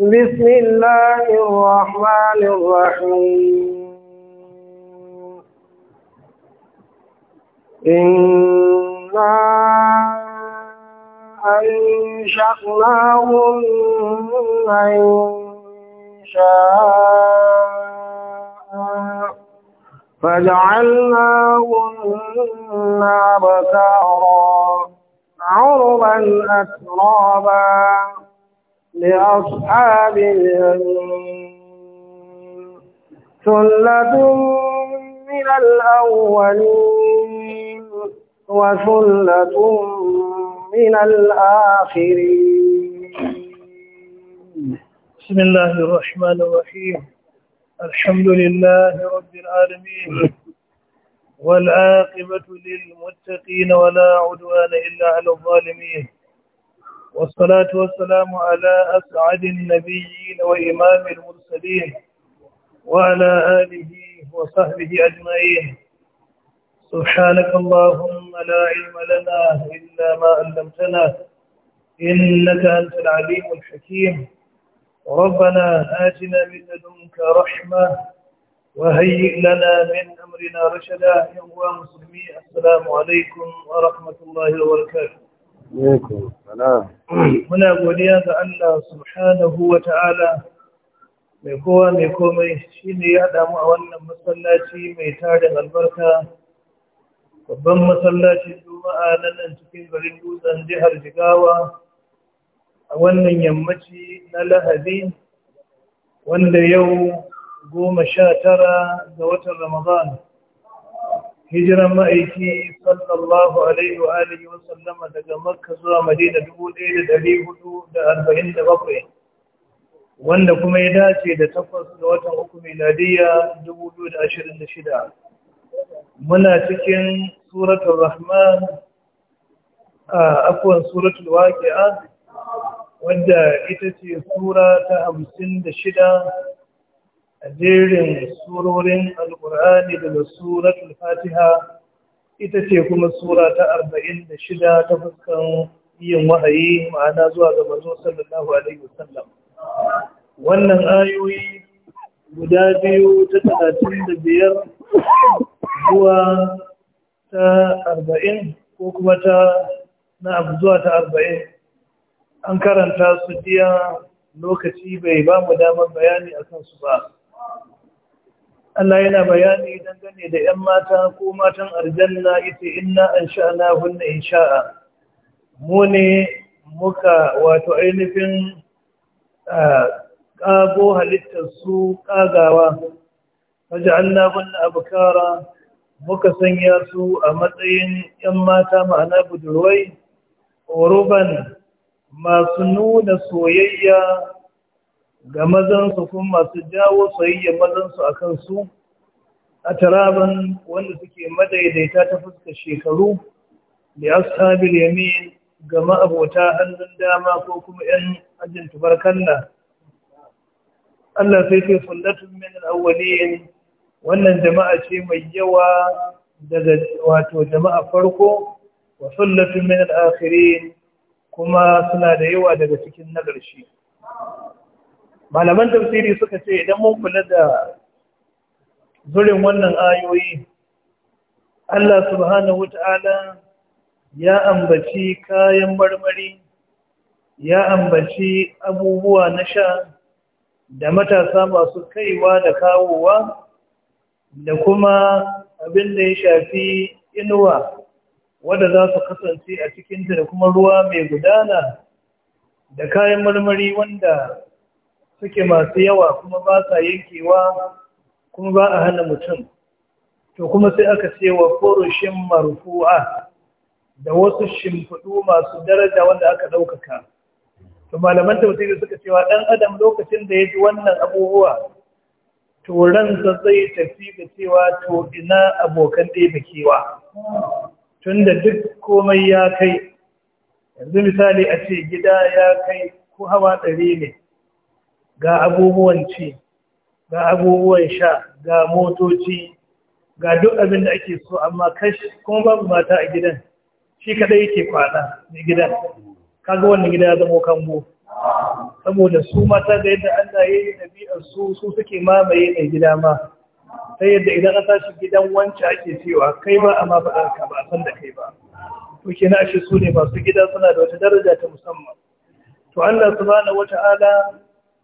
بسم الله الرحمن الرحيم إنا أنشأناهن إن شاء فجعلناهن أبكارا عربا أترابا لأصحاب ثلة من الأولين وثلة من الآخرين بسم الله الرحمن الرحيم الحمد لله رب العالمين والعاقبة للمتقين ولا عدوان إلا على الظالمين والصلاة والسلام على أسعد النبيين وإمام المرسلين وعلى آله وصحبه أجمعين سبحانك اللهم لا علم لنا إلا ما علمتنا إنك أنت العليم الحكيم ربنا آتنا من لدنك رحمة وهيئ لنا من أمرنا رشدا يا مسلمين السلام عليكم ورحمة الله وبركاته Muna godiya ga Allah subhanahu wa ta'ala mai kowa mai komai shi ne ya damu a wannan masallaci mai tarin albarka, babban masallacin juma'a a nan cikin garin dutsen jihar Jigawa a wannan yammaci na Lahadi, wanda yau goma sha tara ga watan ramadana hijiran ma'aiki sallallahu alaihi wa alihi wa sallama daga makka zuwa madina bakwai. wanda kuma ya dace da takwas da watan uku dubu ashirin da shida. muna cikin suratul rahman a akwai suratul waƙi'a wadda ita ce sura ta da shida. a jerin surorin alkur'ani daga al fatiha ita ce kuma sura ta arba'in da shida ta fuskan yin wahayi ma'ana zuwa ga manzo sallallahu alaihi wasallam wannan ayoyi guda biyu ta 35 da biyar zuwa ta arba'in ko kuma ta na abu zuwa ta arba'in an karanta su jiya lokaci bai ba mu damar bayani a kansu ba Allah yana bayani dangane da ‘yan mata ko matan aljanna ita inna an sha'ana hunna in sha'a, mu ne muka wato ainihin ƙago su ƙagawa, waje Allah hunna abukara muka sanya su a matsayin ‘yan mata ma'ana budurwai, oruban masu nuna soyayya ga mazansu kuma masu jawo soyayyar mazansu a kansu a taraban wanda suke madaidaita ta fuska shekaru da ashabil yamin ga ma'abota hannun dama ko kuma 'yan ajin tubarkanna Allah sai ce fullatun min al wannan jama'a ce mai yawa daga wato jama'a farko wa fullatun min al kuma suna da yawa daga cikin na ƙarshe malaman tafsiri suka ce idan mun kula da zurin wannan ayoyi Allah subhanahu wata'ala ya ambaci kayan marmari ya ambaci abubuwa na sha da matasa masu kaiwa da kawowa da kuma abin da ya shafi inuwa wadda za su kasance a cikinta da kuma ruwa mai gudana da kayan marmari wanda suke masu yawa kuma ba sa yankewa kuma ba a hana mutum to kuma sai aka ce wa furushin marfu'a da wasu shimfudu masu daraja wanda aka ɗaukaka to malaman tafsiri suka cewa ɗan adam lokacin da ya ji wannan abubuwa to sa zai tafi ga cewa to ina abokan ɗebakewa tun da duk komai ya kai yanzu misali a ce gida ya kai ko hawa ɗari ne ga abubuwan ci ga abubuwan sha ga motoci ga duk abin da ake so amma kashi kuma babu mata a gidan shi kadai yake kwana mai gidan kaga wannan gida ya zama kango saboda su mata da yadda Allah ya yi ɗabi'ar su su suke mamaye mai gida ma Ta yadda idan an tashi gidan wance ake cewa kai ba amma ba ka ba san da kai ba to na shi su ne masu gida suna da wata daraja ta musamman to Allah subhanahu wata'ala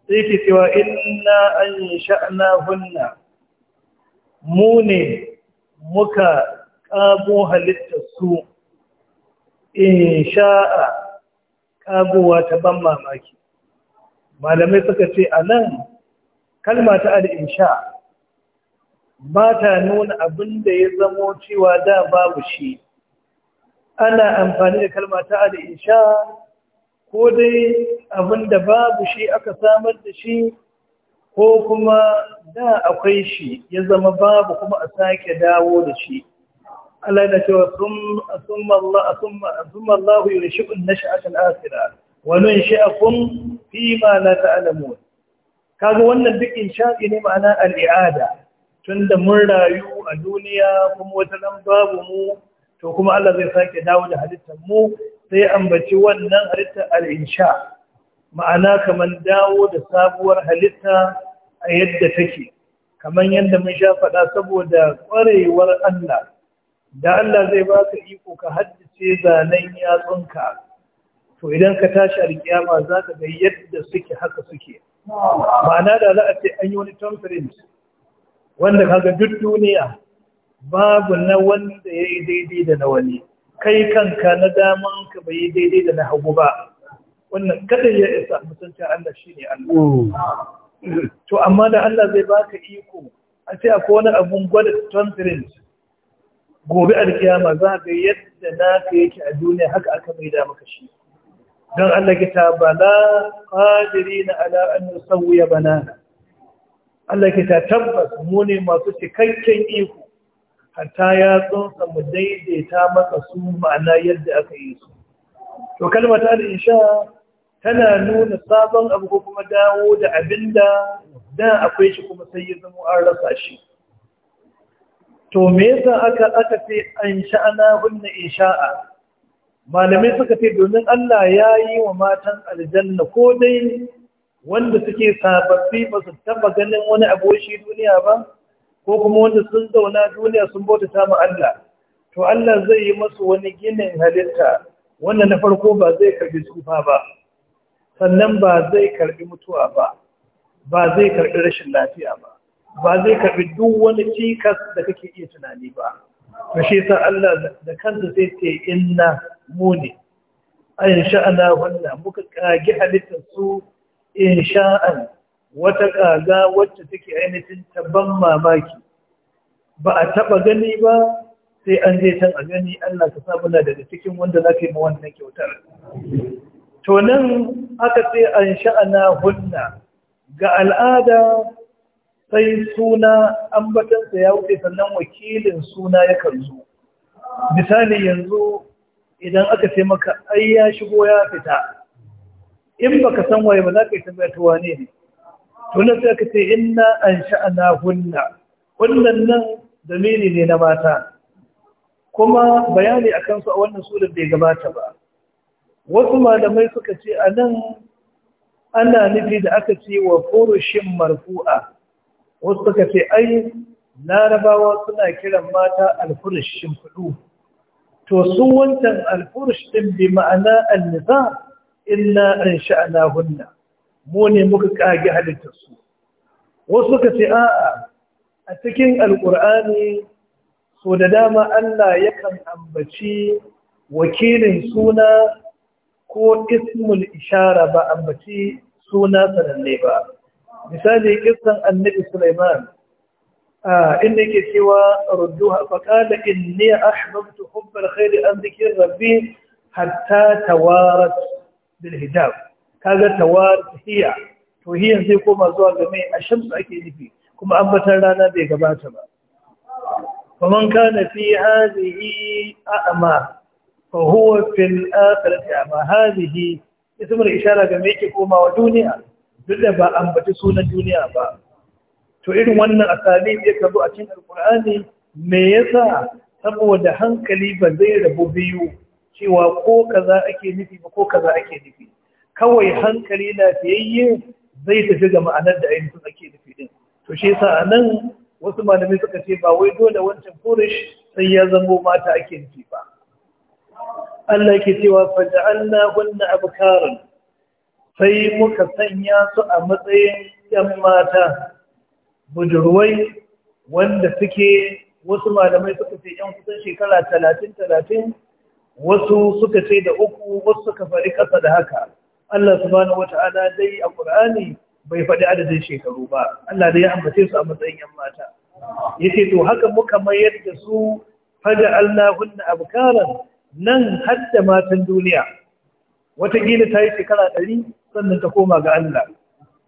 sai cewa inna an sha'na hunna mu ne muka ƙago halittar su in sha'a ƙagowa ta ban mamaki malamai suka ce a nan kalma ta al'insha ba ta nuna abin da ya zamo cewa da babu shi ana amfani da kalma ta sha'a ko dai abin da babu shi aka samar da shi ko kuma da akwai shi ya zama babu kuma a sake dawo da shi Allah na cewa summa Allah yi rishikun na sha'atun asira wani sha'akun fi ma na ta'alamun kaga wannan duk inshaɗi ne ma'ana al'ada? tun da mun rayu a duniya kuma wata nan babu mu to kuma Allah zai sake dawo da halittar mu sai ambaci wannan halitta al'insha ma'ana kamar dawo da sabuwar halitta a yadda take kamar yadda mun sha faɗa saboda ƙwarewar Allah da Allah zai baka iko ka haddace zanen yatsunka to idan ka tashi alkiyama za ka ga yadda suke haka suke ma'ana da za a ce an yi wani conference wanda kaga duk duniya babu na wanda ya yi daidai da na wani kai kanka na daman ka bai yi daidai da na hagu ba wannan kada ya isa mutuncin Allah shi ne Allah to amma da Allah zai baka iko a ce akwai wani abun gwada transparent gobe alkiyama za ga yadda naka yake a duniya haka aka mai da maka shi don Allah ta, bala qadiri na ala an sauya bana. Allah ta tabbas mu ne masu cikakken iko hatta ya tsotsa mu daidaita masa su ma'ana yadda aka yi su to kalmata ta da insha tana nuna sabon abu ko kuma dawo da abin da da akwai shi kuma sai ya zama an rasa shi to me yasa aka aka ce an sha'ana hunna insha'a malamai suka ce domin Allah ya yi wa matan aljanna ko dai wanda suke sababbi ba su taba ganin wani abu shi duniya ba ko kuma wanda sun zauna duniya sun bauta samun Allah to Allah zai yi masu wani ginin halitta wanda na farko ba zai karbi tsufa ba sannan ba zai karbi mutuwa ba ba zai karbi rashin lafiya ba ba zai karbi duk wani cikas da kake iya tunani ba to shi yasa Allah da kansa zai ce inna muni ne ayin wannan muka kage halittar su in sha'an wata ƙaga wacce take ainihin taban mamaki ba a taba gani ba sai an je can a gani Allah ka sa muna daga cikin wanda za ka yi ma wannan kyautar to nan aka ce an sha'ana hunna ga al'ada sai suna ambatansa ya wuce sannan wakilin suna yakan zo misali yanzu idan aka ce maka ai ya shigo ya fita in baka san waye ba za ka yi tambaya ta wane ne tunan sai ka ce inna an sha'ana hunna wannan nan zamiri ne na mata kuma bayani a kansu a wannan surar bai gabata ba wasu malamai suka ce a nan ana nufi da aka ce wa furushin marfu'a wasu suka ce ai larabawa suna kiran mata alfurushin fudu to su wancan alfurushin bi ma'ana annisa illa an sha'ana hunna mu ne muka kage halittarsu wasu suka ce a'a a cikin alkur'ani so da dama Allah yakan ambaci wakilin suna ko ismul ishara ba ambaci suna sananne ba misali kissan annabi Sulaiman a inda yake cewa rudduha faqala inni ahbabtu hubba alkhair an dhikri rabbi hatta tawarat bil hijab kaga tawariya to hiyan zai koma zuwa ga mai a shamsu ake nufi kuma ambatan rana bai gabata ba ka na fi hadhihi a'ma fa huwa fil akhirati a'ma hadhihi ismul ishara ga mai ke komawa duniya duk da ba ambaci sunan duniya ba to irin wannan asali ya kazo a cikin alqur'ani me yasa saboda hankali ba zai rabu biyu cewa ko kaza ake nufi ba ko kaza ake nufi kawai hankali lafiyayye zai tafi ga ma'anar da ainihin ake nufi din to shi yasa nan wasu malamai suka ce ba wai dole wancan furish sai ya zamo mata ake nufi ba Allah ke cewa faja'alna hunna abkaran sai muka sanya su a matsayin yan mata budurwai wanda suke wasu malamai suka ce yan kusan shekara talatin talatin wasu suka ce da uku wasu suka faɗi ƙasa da haka Allah subhanahu wata'ala dai a Qur'ani bai faɗi adadin shekaru ba Allah dai ya ambace su a matsayin yan mata yace to haka muka mayar da su faja Allahunna abkaran nan hadda matan duniya Wata gini ta yi shekara ɗari sannan ta koma ga Allah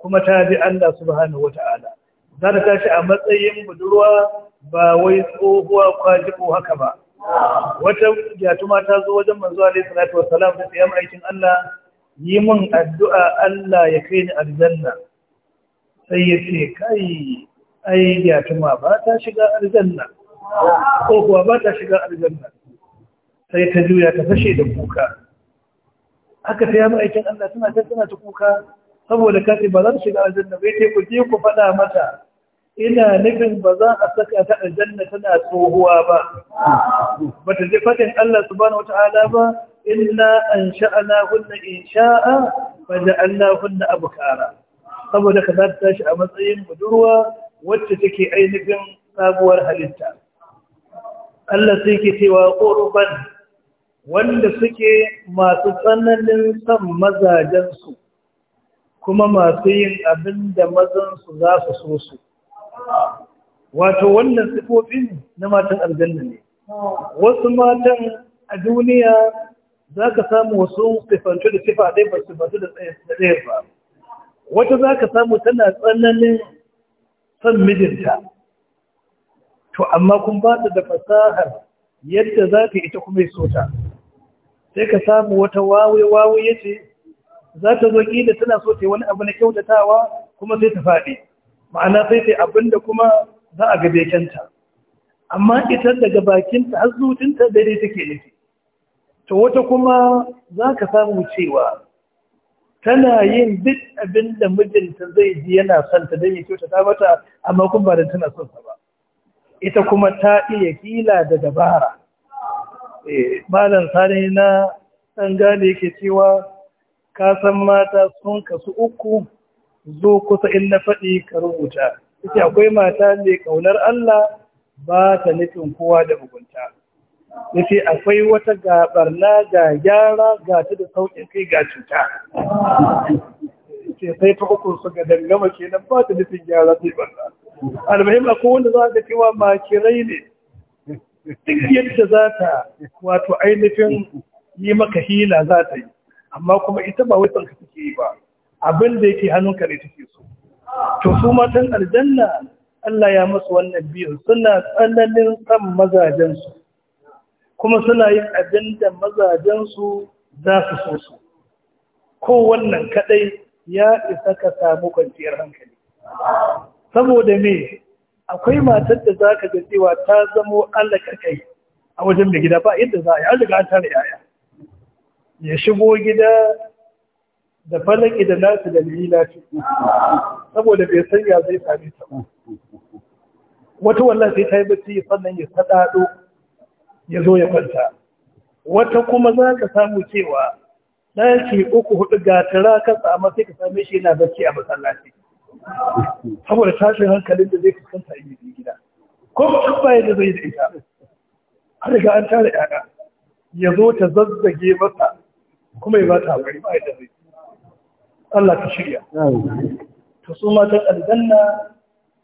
kuma ta bi Allah subhanahu wata'ala za ta tashi a matsayin budurwa ba wai tsohuwa ko haka ba wata jatuma ta zo wajen manzo alaihi salatu wassalam da tsayan aikin Allah yi min addu'a Allah ya kai ni aljanna sai ya ce kai ai ba ta shiga aljanna ko kuwa ba ta shiga aljanna sai ta juya ta fashe da kuka aka ta yamma aikin Allah suna ta ta kuka saboda kace ba za ta shiga aljanna bai ta kuje ku faɗa mata ina nufin ba za a saka ta aljanna tana tsohuwa ba Ba ta je faɗin Allah subhanahu wataala ba إلا أن شأناهن إن hunna فجعلناهن أبكارا saboda ka za ta tashi a matsayin budurwa wacce take ainihin sabuwar halitta Allah sai ke cewa ƙorban wanda suke masu tsananin son mazajensu kuma masu yin abin da mazansu za su so su wato wannan sifofin na matan aljanna ne wasu matan a duniya za ka samu wasu sifantu da sifa ɗaya ba sifantu da tsaye ba wata za ka samu tana tsananin son mijinta to amma kun ba da fasahar yadda za ka ita kuma ya sota. sai ka samu wata wawai-wawai ya ce za ta zo da tana so wani abu na kyautatawa kuma sai ta faɗi ma'ana sai ta abin da kuma za a gabe kyanta amma ita daga bakinta har zutinta daidai take nufi to wata kuma za ka samu cewa tana yin duk abin da mijinta zai ji yana son ta yi kyauta ta mata amma kuma da tana son sa ba ita kuma ta iya kila da dabara eh, malam sani na ɗan gane yake cewa ka san mata sun kasu uku zo kusa in na faɗi ka rubuta ita akwai mata mai ƙaunar Allah ba ta nufin kowa da mugunta ya ce akwai wata gabarna ga gyara ga ta da sauƙin kai ga cuta ce sai ta uku su ga dangama ke nan ba ta nufin gyara sai ba almuhim akwai wanda za ka cewa makirai ne duk yadda za ta wato ainihin yi maka hila za ta yi amma kuma ita ba wutan ka take yi ba Abinda da yake hannunka ne take so to su matan aljanna Allah ya masu wannan biyu suna tsananin kan mazajensu kuma suna yin abin da mazajensu za su so su ko wannan kadai ya isa ka samu kwanciyar hankali saboda me akwai matar da za ka cewa ta zamo kakai a wajen da gida ba inda za a yi an an tara yaya ya shigo gida da falaki da nasu da lila saboda bai san ya zai sami ta wata wallah sai ta yi bacci sannan ya sadado ya zo ya kwanta wata kuma za ka samu cewa ɗaki uku hudu tara ka tsama sai ka same shi yana zarce a masallaci saboda tashin hankalin da zai fuskanta yi da gida ko kuma baya da zai da ita har riga an tara yaya ya zo ta zazzage masa kuma ya bata ta wari ba da zai Allah ta shirya to su matan aljanna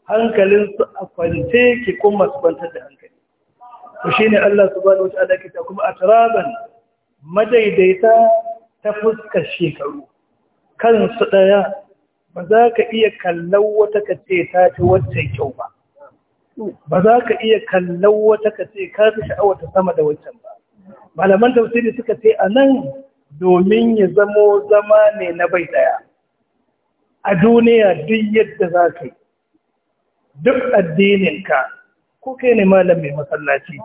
hankalin su a kwance ke kuma su kwantar da hankali to ne Allah subhanahu wataala ke ta kuma a turaban madaidaita ta fuska shekaru kansu ɗaya ba za ka iya kallon wata ka ce ta ta wacce kyau ba ba za ka iya kallon wata kace ka ta sha'awa ta sama da waccan ba malaman tausiri suka ce a nan domin ya zamo zama ne na bai ɗaya. a duniya duk yadda za ka yi duk addininka ko kai ne malam mai masallaci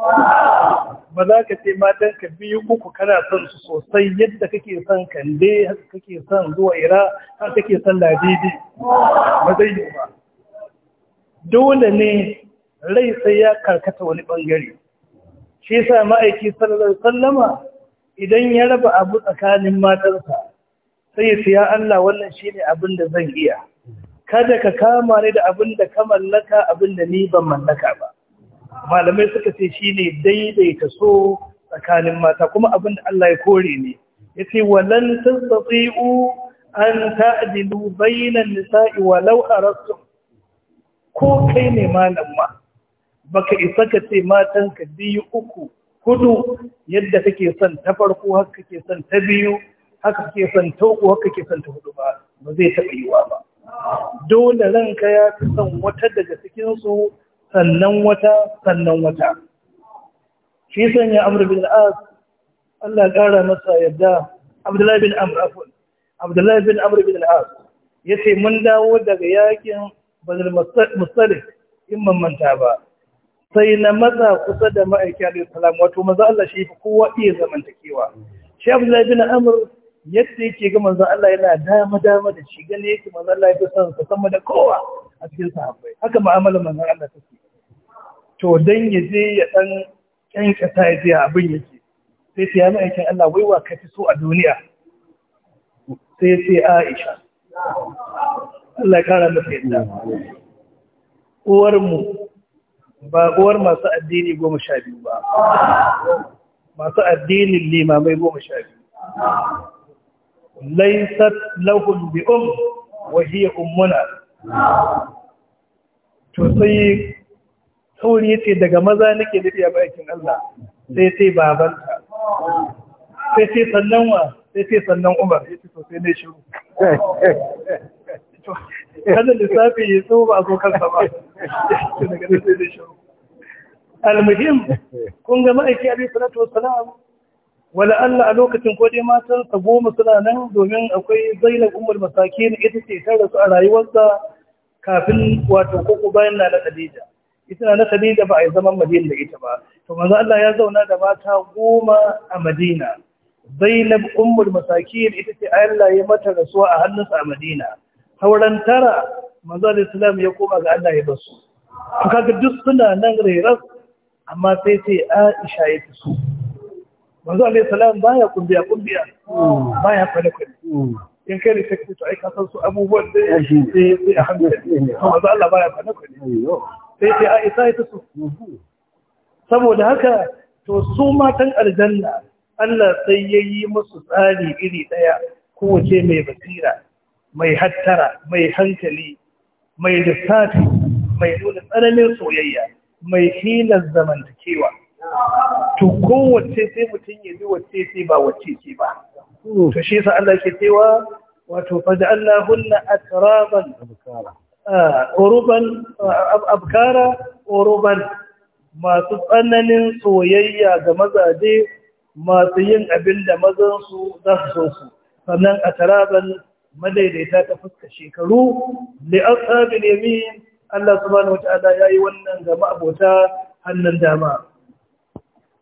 ba za ka ce matan ka biyu uku kana son su sosai yadda kake son kande haka kake son zuwa ira haka kake son ladidi ba zai yi ba dole ne rai sai ya karkata wani bangare shi sa ma'aiki sallallahu sallama idan ya raba abu tsakanin matansa, sai ya Allah wannan shi ne abin da zan iya kada ka kama ni da abin da ka mallaka abin da ni ban mallaka ba malamai suka ce shi ne daidaita so tsakanin mata kuma abin da Allah ya kore ne Ya ce, yace sun tsatsi'u an ta'dilu bainan nisa'i walau arastum ko kai ne malam ma baka isa ka ce matan ka biyu uku hudu yadda kake son ta farko haka kake son ta biyu haka kake son ta uku haka kake son ta hudu ba ba zai taɓa yiwa ba dole ranka ya fi son wata daga cikinsu sannan wata sannan wata shi sanya amr bin as Allah kara masa yadda abdullahi bin amr afun abdullahi bin amr bin as yace mun dawo daga yakin bazal mustalif in ban manta ba sai na maza kusa da ma'aiki alayhi salam wato maza Allah shi kowa iya zamantakewa shi abdullahi bin amr yadda yake ga manzo Allah yana dama dama da shi gane yake manzo Allah ya fi son sa sama da kowa a cikin sahabbai haka ma'amalar manzo Allah take to dan ya je ya dan kyankyata ya je abin yake sai ce ya mai aikin Allah wai wa kafi so a duniya sai ce Aisha Allah ya kara masa yadda uwarmu ba uwar masu addini goma sha biyu ba masu addinin limamai goma sha biyu laisat lahum bi um wa hiya ummuna to sai sauri ya ce daga maza nake nufi a bakin Allah sai sai babanta sai sai sannan wa sai sai sannan umar ya ce sosai ne shiru kada lissafi ya so ba a zo kansa ba daga sai shiru almuhim kun ga ma'aiki abin salatu wassalam wala Allah a lokacin ko matan sa goma suna nan domin akwai zainab ummul masakin ita ce ta rasu a rayuwarsa kafin wato koko bayan na da Khadija ita na Khadija ba a yi zaman Madina da ita ba to manzo Allah ya zauna da mata goma a Madina Zainab ummul masakin ita ce Allah ya mata rasuwa a hannunsa a Madina sauran tara manzo Allah ya koma ga Allah ya basu to kaga duk suna nan rairas, amma sai sai Aisha ya fi su manzo Allah salam baya kumbiya kumbiya baya kwale-kwale. Hmm. in kai ne take to ai ka san su abubuwan da sai a hankali to manzo Allah baya kwane kwane sai ce a isa ita su saboda haka to su matan aljanna Allah sai ya yi musu tsari iri ɗaya kowace mai basira mai hattara mai hankali mai lissafi mai nuna tsananin soyayya mai hilar zamantakewa to kowace sai mutum ya ji wacce sai ba wacce ce ba to shi sa Allah ke cewa wato faja'alna hunna atraban abkara uruban abkara uruban masu tsananin soyayya ga mazaje masu yin abin da mazansu za su so su sannan a taraban madaidaita ta fuska shekaru li ashabil yamin Allah subhanahu ya yayi wannan ga ma'abota hannun dama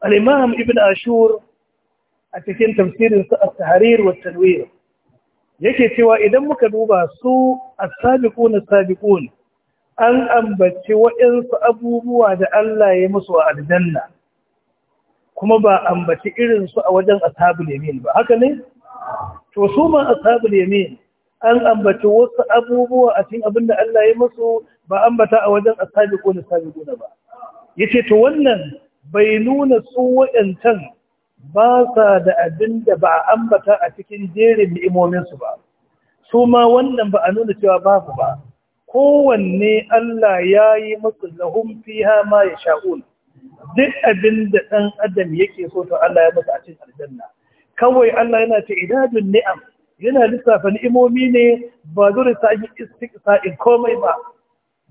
al-imam ibn ashur a cikin tafsirin sa a tahrir wa at yake cewa idan muka duba su as-sabiquna as-sabiqun an ambaci waɗansu abubuwa da Allah ya musu a aljanna kuma ba ambaci irin su a wajen ashabul yamin ba haka ne to su ma ashabul yamin an ambaci wasu abubuwa a cikin abinda Allah ya musu ba ambata a wajen as-sabiquna ba yace to wannan bai nuna su wa'antan ba sa da abin da ba a ambata a cikin jerin ni'imominsu ba su ma wannan ba a nuna cewa ba su ba kowanne Allah ya yi musu lahum fiha ma ya sha'un duk abin da ɗan adam yake so to Allah ya musu a cikin aljanna kawai Allah yana ce idadun ni'am yana lissafa ni'imomi ne ba dole sa yi istiqsa'in komai ba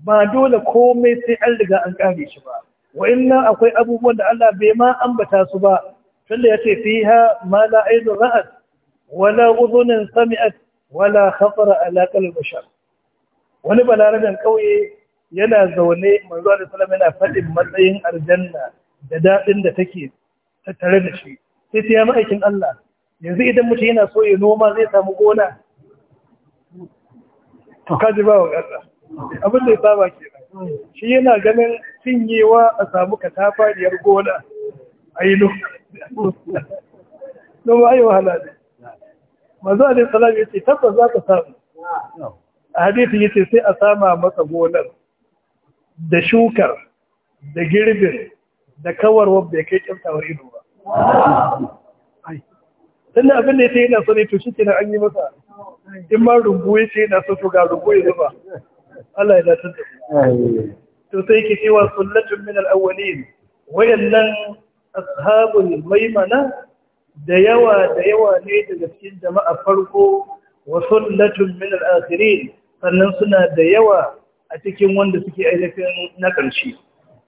ba dole komai sai an riga an kare shi ba Wa'in akwai abubuwan da Allah bai ma ambata su ba tunda ya ce fiha ma la ainu wala uzunin sami'at wala khatara ala qalbi bashar wani balarabin ƙauye yana zaune manzo da sallallahu yana faɗin matsayin aljanna da daɗin da take tattare da shi sai sai ya ma'aikin Allah yanzu idan mutum yana so ya noma zai samu gona to kaji ba wa ƙasa abin da ya saba ke shi yana ganin cinyewa a samu katafariyar gona a yi don ba a yi wahala ne mazu ne salam ya ce tabbas za ka samu a hadithin ya ce sai a sama masa gonar da shukar da girbin da kawarwar bai kai kyautawar ido ba tun abin da ya ce yana sani to shi ke an yi masa in ma rubu ya ce yana so ga rubu ya zuba Allah ya dace da to sai ke cewa sullatun min al-awwalin wayannan ashabul maimana da yawa da yawa ne daga cikin jama'a farko wa sunnatun min al-akhirin sannan suna da yawa a cikin wanda suke ainihin na ƙarshe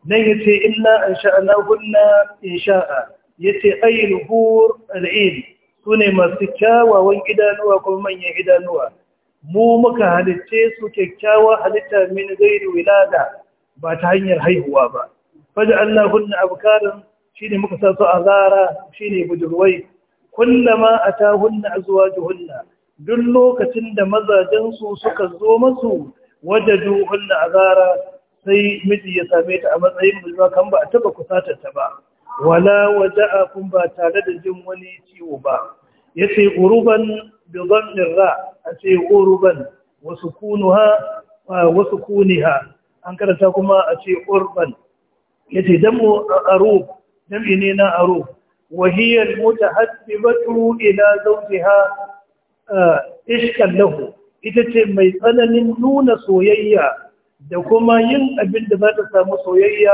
nan yace inna ansha'na hunna insha'a yace ayyul hur al eid sune masu kyawawan idanuwa kuma manyan idanuwa mu muka halicce su kyakkyawa halitta min gairi wilada ba ta hanyar haihuwa ba faja Allah hunna abkaran shine muka sa su azara ne budurwai kullama zuwa azwajuhunna duk lokacin da mazajen su suka zo masu a zara, sai miji ya same ta a matsayin budurwa kan ba a taba kusatar ta ba wala waje a kun ba tare da jin wani ciwo ba yace uruban bi dhammin ra ace uruban wa sukunuha wasu kuniha. an karanta kuma ace urban yace damu arub jam'i ne na aro wahiyar mota hatsi batu ila zauti ha ishkan lahu ita ce mai tsananin nuna soyayya da kuma yin abin da za ta samu soyayya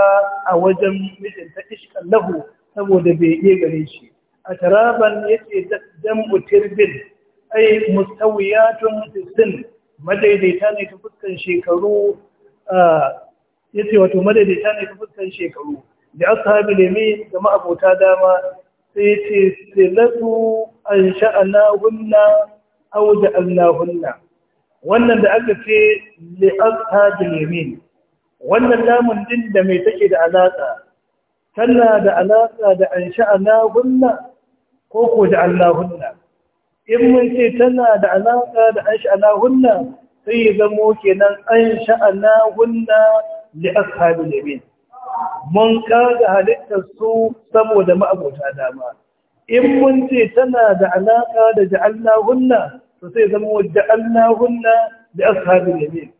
a wajen mijinta iskan lahu saboda bai iya gare shi a taraban ya ce jam'u tirbin ai mustawiyatun tisin madaidaita ne ta fuskan shekaru ya ce wato madaidaita ne ta fuskan shekaru da ashabi limin da ma'abota dama sai ce silatu an sha'ana hunna aw da allahunna wannan da aka ce li ashabi limin wannan lamun din da mai take da alaƙa tana da alaƙa da an sha'ana hunna ko ko da allahunna in mun ce tana da alaƙa da an sha'ana hunna sai ya zamo kenan an sha'ana hunna li ashabi limin mun kaga halittar su saboda ma'abota dama in mun ce tana da alaka da ja'allahunna to sai zama wa ja'alnahunna da ashabul yamin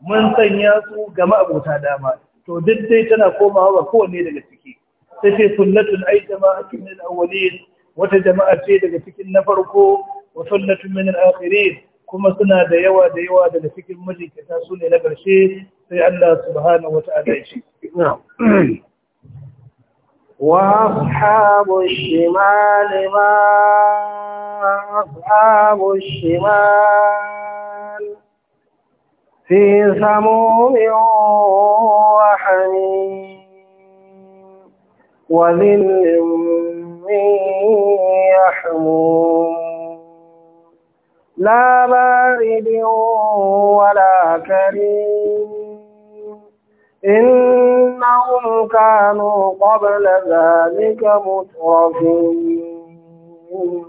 mun sanya su ga ma'abota dama to duk dai tana komawa ba kowanne daga ciki sai ce sunnatul aitama akin awwalin wata jama'a ce daga cikin na farko wa sunnatun min al-akhirin kuma suna da yawa da yawa daga cikin mijikata su ne na ƙarshe sai Allah subhanahu wa ta'ala ya ce وأصحاب الشمال ما أصحاب الشمال في سموم وحميم وذل من يحموم لا بارد ولا كريم إنهم كانوا قبل ذلك مترفين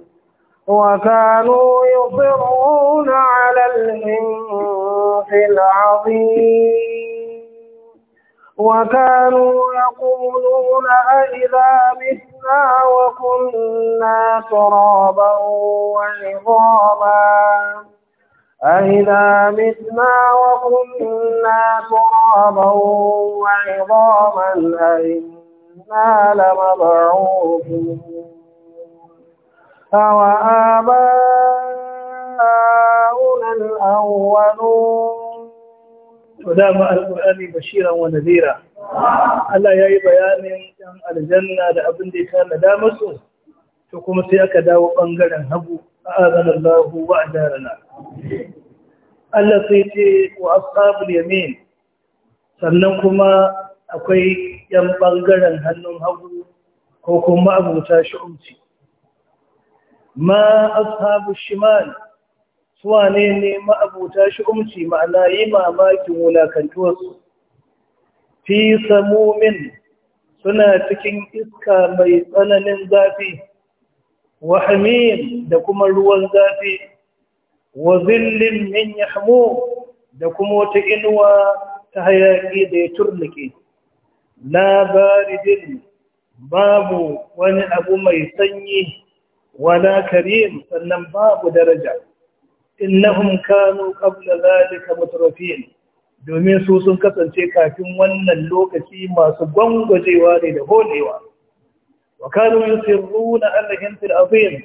وكانوا يصرون على الإنف العظيم وكانوا يقولون أئذا متنا وكنا ترابا وعظاما أئذا متنا وكنا ترابا وعظاما أئنا لمبعوثون أوآباؤنا الأولون to dama alƙur'ani bashiran wa nazira Allah ya yi bayanin 'yan aljanna da abin da ya tanada masu to kuma sai aka dawo ɓangaren hagu a azanar Allah sai ce wa ashabul yamin sannan kuma akwai yan ɓangaren hannun hagu ko kuma abuta shi'umci ma ashabu shimal suwa ne ne ma'abuta umci ma'ana yi mamakin wulakantuwarsu fi samomin suna cikin iska mai tsananin zafi wa hamim da kuma ruwan zafi wa zillin min yahmu da kuma wata inuwa ta hayaƙi da ya turnike la baridin babu wani abu mai sanyi wana karim sannan babu daraja innahum kanu qabla zalika mutrafin domin su sun kasance kafin wannan lokaci masu gwangwajewa ne da holewa wa kanu yusirruna ala hintil azim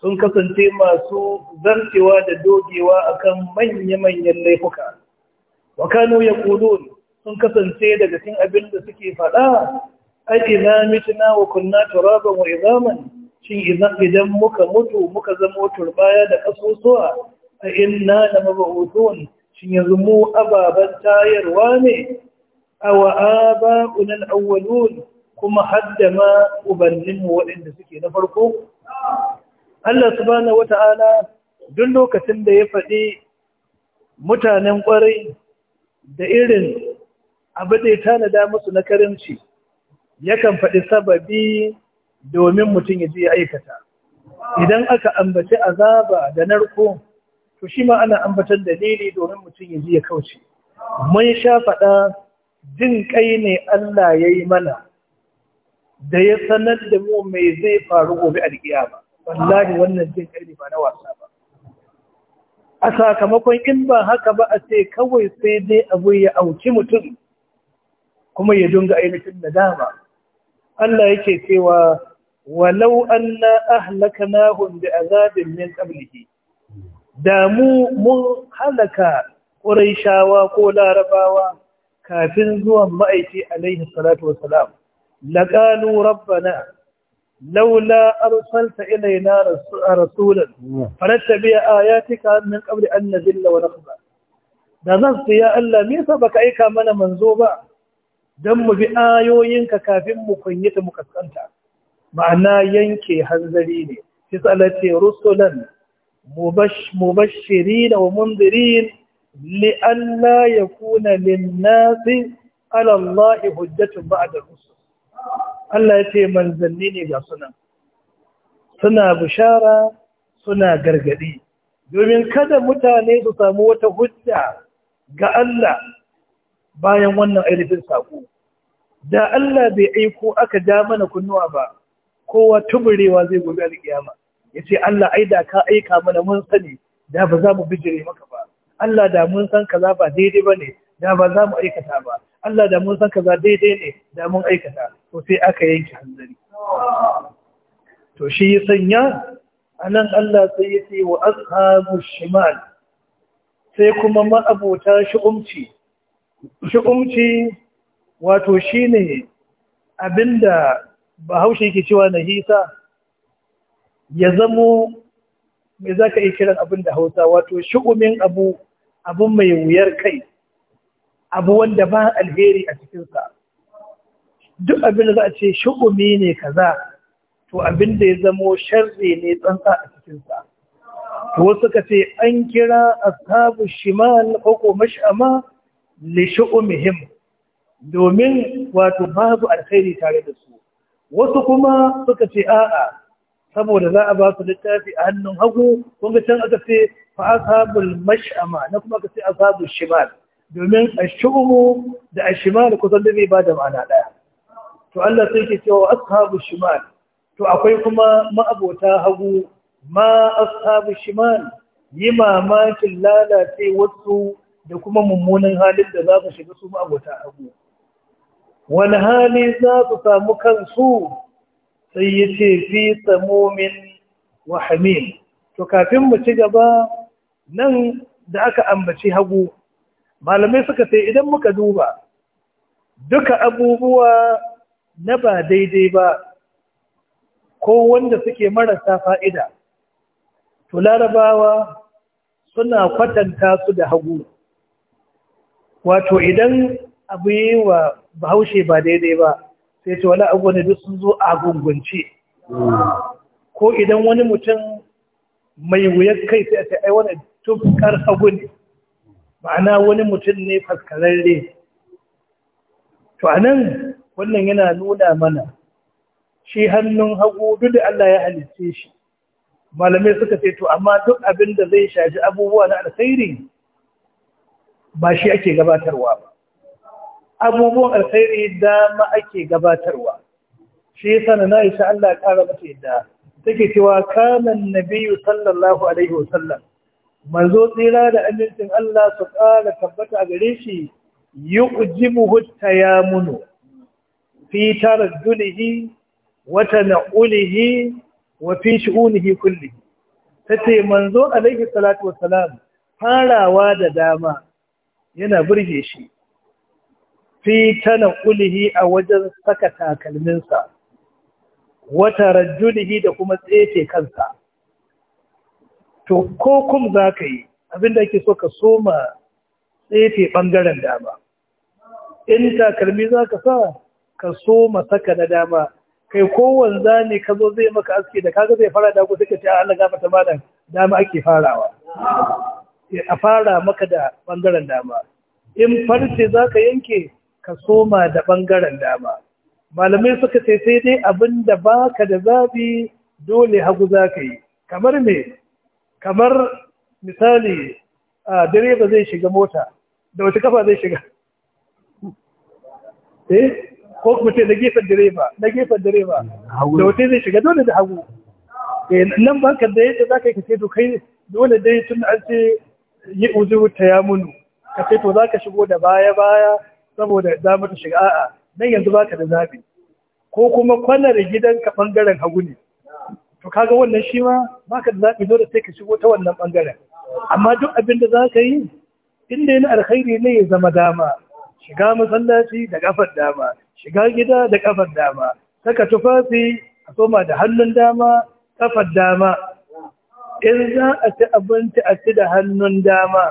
sun kasance masu zartewa da dogewa akan manya-manyan laifuka wa kanu yaqulun sun kasance daga cikin abin da suke faɗa ai idza mitna wa kunna turaban wa idaman shin idan muka mutu muka zama turbaya da kasusuwa a inna na mabu'utun shi yanzu mu ababen tayarwa ne awa aba'una nan awwalun kuma hadda ma ubanninmu waɗanda suke na farko Allah subhanahu Ta'ala, duk lokacin da ya faɗi mutanen ƙwarai da irin abu da ya tanada musu na karimci yakan faɗi sababi domin mutum ya je ya aikata idan aka ambaci azaba da narko to shi ma ana da dalili domin mutum ya ji ya kauce mun sha faɗa jin kai ne Allah ya yi mana da ya sanar da mu mai zai faru gobe a ba wallahi wannan jin kai ne ba na wasa ba a sakamakon in ba haka ba a ce kawai sai dai abu ya auki mutum kuma ya dunga ainihin dama, Allah yake cewa walau anna ahlaknahum da azabin min qablihi da mu mun halaka ƙuraishawa ko larabawa kafin zuwan ma'aiki alaihi salatu wasalam laƙalu rabbana laula arsalta ilaina rasulan fanattabi'a ayatika min qabli an nazilla wa nakhza da zan su ya Allah me yasa baka aika mana manzo ba dan mu bi ayoyinka kafin mu kunyata mu kaskanta ma'ana yanke hanzari ne sai Allah ce rusulan مبشرين ومنذرين لئلا يكون للناس على الله حجة بعد الرسل Allah ya ce manzanni ne ga suna suna bishara suna gargadi domin kada mutane su samu wata hujja ga Allah bayan wannan ainihin sako. da Allah bai aiko aka ja mana kunnuwa ba kowa tuburewa zai gobe alƙiyama ya ce Allah ai da ka aika mana mun sani da ba za mu bijire maka ba Allah da mun san kaza ba daidai ba ne da ba za mu aikata ba Allah da mun san kaza daidai ne da mun aikata to sai aka yanke hanzari to shi ya sanya anan Allah sai ya ce wa ashabu shimal sai kuma ma'abota shi umci wato shine abinda bahaushe yake cewa nahisa ya zamo me za ka iya kiran abin da hausa wato shugumin abu abu mai wuyar kai abu wanda ba alheri a cikinsa duk abin da za a ce shugumi ne kaza to abin da ya zamo sharri ne tsantsa a cikinsa to wasu ka ce an kira ashabu shimal ko ko mash'ama li shugumihim domin wato babu alheri tare da su wasu kuma suka ce a'a saboda za a ba su littafi a hannun hagu kun can aka ce fa ashabul mash'ama na kuma aka ce ashabul shimal domin ashumu da ashimal kusan da bai ba da ma'ana daya to Allah sai ke cewa ashabul shimal to akwai kuma ma'abota hagu ma ashabul shimal yi mamakin lalace wasu da kuma mummunan halin da za su shiga su ma'abota hagu wani hali za su samu kansu sai ya ce fi tsamomin wa to kafin mu ci gaba nan da aka ambaci hagu malamai suka ce idan muka duba duka abubuwa na ba daidai ba ko wanda suke marasa fa'ida to larabawa suna kwatanta su da hagu wato idan abu yi wa bahaushe ba daidai ba sai ce wani abu ne duk sun zo a gungunce ko idan wani mutum mai wuyar kai sai a ce ai wani tufkar hagu ne ma'ana wani mutum ne faskararre to a nan wannan yana nuna mana shi hannun hagu duk da Allah ya halitce shi malamai suka ce to amma duk abin da zai shaji abubuwa na alkhairi ba shi ake gabatarwa ba abubuwan alkhairi dama ake gabatarwa shi yasa na Aisha Allah ya kara mata yadda take cewa kana nabiyyu sallallahu alaihi wasallam manzo tsira da amincin Allah su kara tabbata a gare shi yujibuhu tayamunu fi taraddulihi wa tanaulihi wa fi shu'unihi kullihi tace manzo alaihi salatu wasalam farawa da dama yana burge shi fi ulihi a wajen saka takalminsa wata rajulihi da kuma tsefe kansa to ko kum ka yi abinda ake so ka soma tsefe bangaren dama in takalmi za ka sa ka soma saka na dama kai za ne ka zo zai maka aski da kaga zai fara da ku suka ce ah, Allah ta malam dama ake farawa a fara maka da ɓangaren dama in farce za ka yanke ka soma da ɓangaren dama malamai suka ce sai dai abin da ba ka da zaɓi dole hagu za ka yi kamar me kamar misali a direba zai shiga mota da wata kafa zai shiga eh ko kuma ce na gefen direba na gefen direba da wata zai shiga dole da hagu eh, nan ba ka da yadda za ka yi ka ce to kai dole dai tun an ce yi uzuru ta ya munu ka ce to za ka shigo da baya baya saboda damar shiga a'a nan yanzu baka da zabi ko kuma kwanar ka bangaren hagu ne to kaga wannan shi ma baka da zabi dole sai ka shigo ta wannan bangaren amma duk abin da zaka yi inda yana alkhairi ne ya zama dama shiga masallaci da kafar dama shiga gida da kafar dama saka tufafi a soma da hannun dama kafar dama in za a ci abinci a ci da hannun dama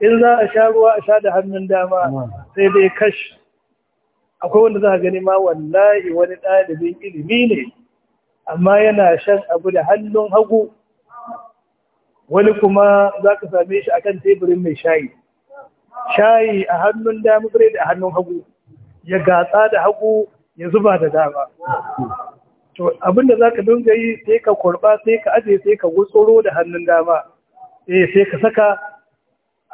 in za a sha ruwa a sha da hannun dama sai dai kash akwai wanda za a gani ma wallahi wani ɗalibin ilimi ne amma yana shan abu da hannun hagu wani kuma za ka same shi a kan teburin mai shayi shayi a hannun dama biredi a hannun hagu ya gatsa da hagu ya zuba da dama to abinda za ka dinga yi sai ka kurba sai ka aje sai ka gutsuro da hannun dama eh sai ka saka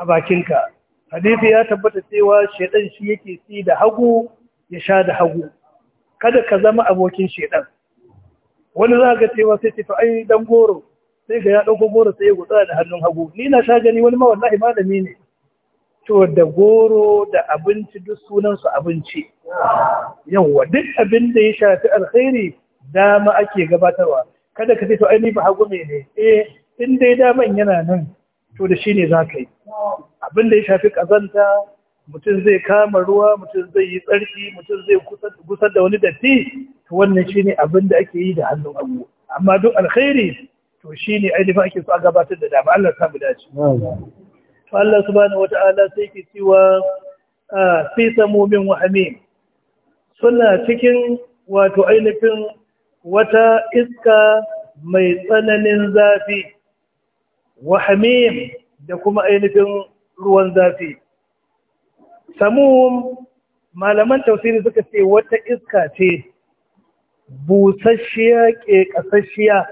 a bakinka hadisi ya tabbata cewa shedan shi yake si da hagu ya sha da hagu kada ka zama abokin shedan wani za ga cewa sai ce to ai dan goro sai ga ya dauko goro sai ya gutsa da hannun hagu ni na sha gani wani ma wallahi malami ne to da goro da abinci duk sunansu abinci yawwa duk abin da ya shafi alkhairi dama ake gabatarwa kada ka ce to ainihin hagu mai ne eh in dai daman yana nan to da shi ne za ka yi abin da ya shafi kazanta mutum zai kama ruwa mutum zai yi tsarki mutum zai gusar da wani datti to wannan shi ne abin da ake yi da hannun abu amma duk alkhairi to shi ne ainihin ake so a gabatar da dama Allah mu dace to Allah subhanahu wata'ala sai ke cewa ah, fi samumin wa Amin, suna cikin wato ainihin wata iska mai tsananin zafi wa hamim da kuma ainihin ruwan zafi samum malaman tausiri suka ce wata iska ce busasshiya ke ƙasasshiya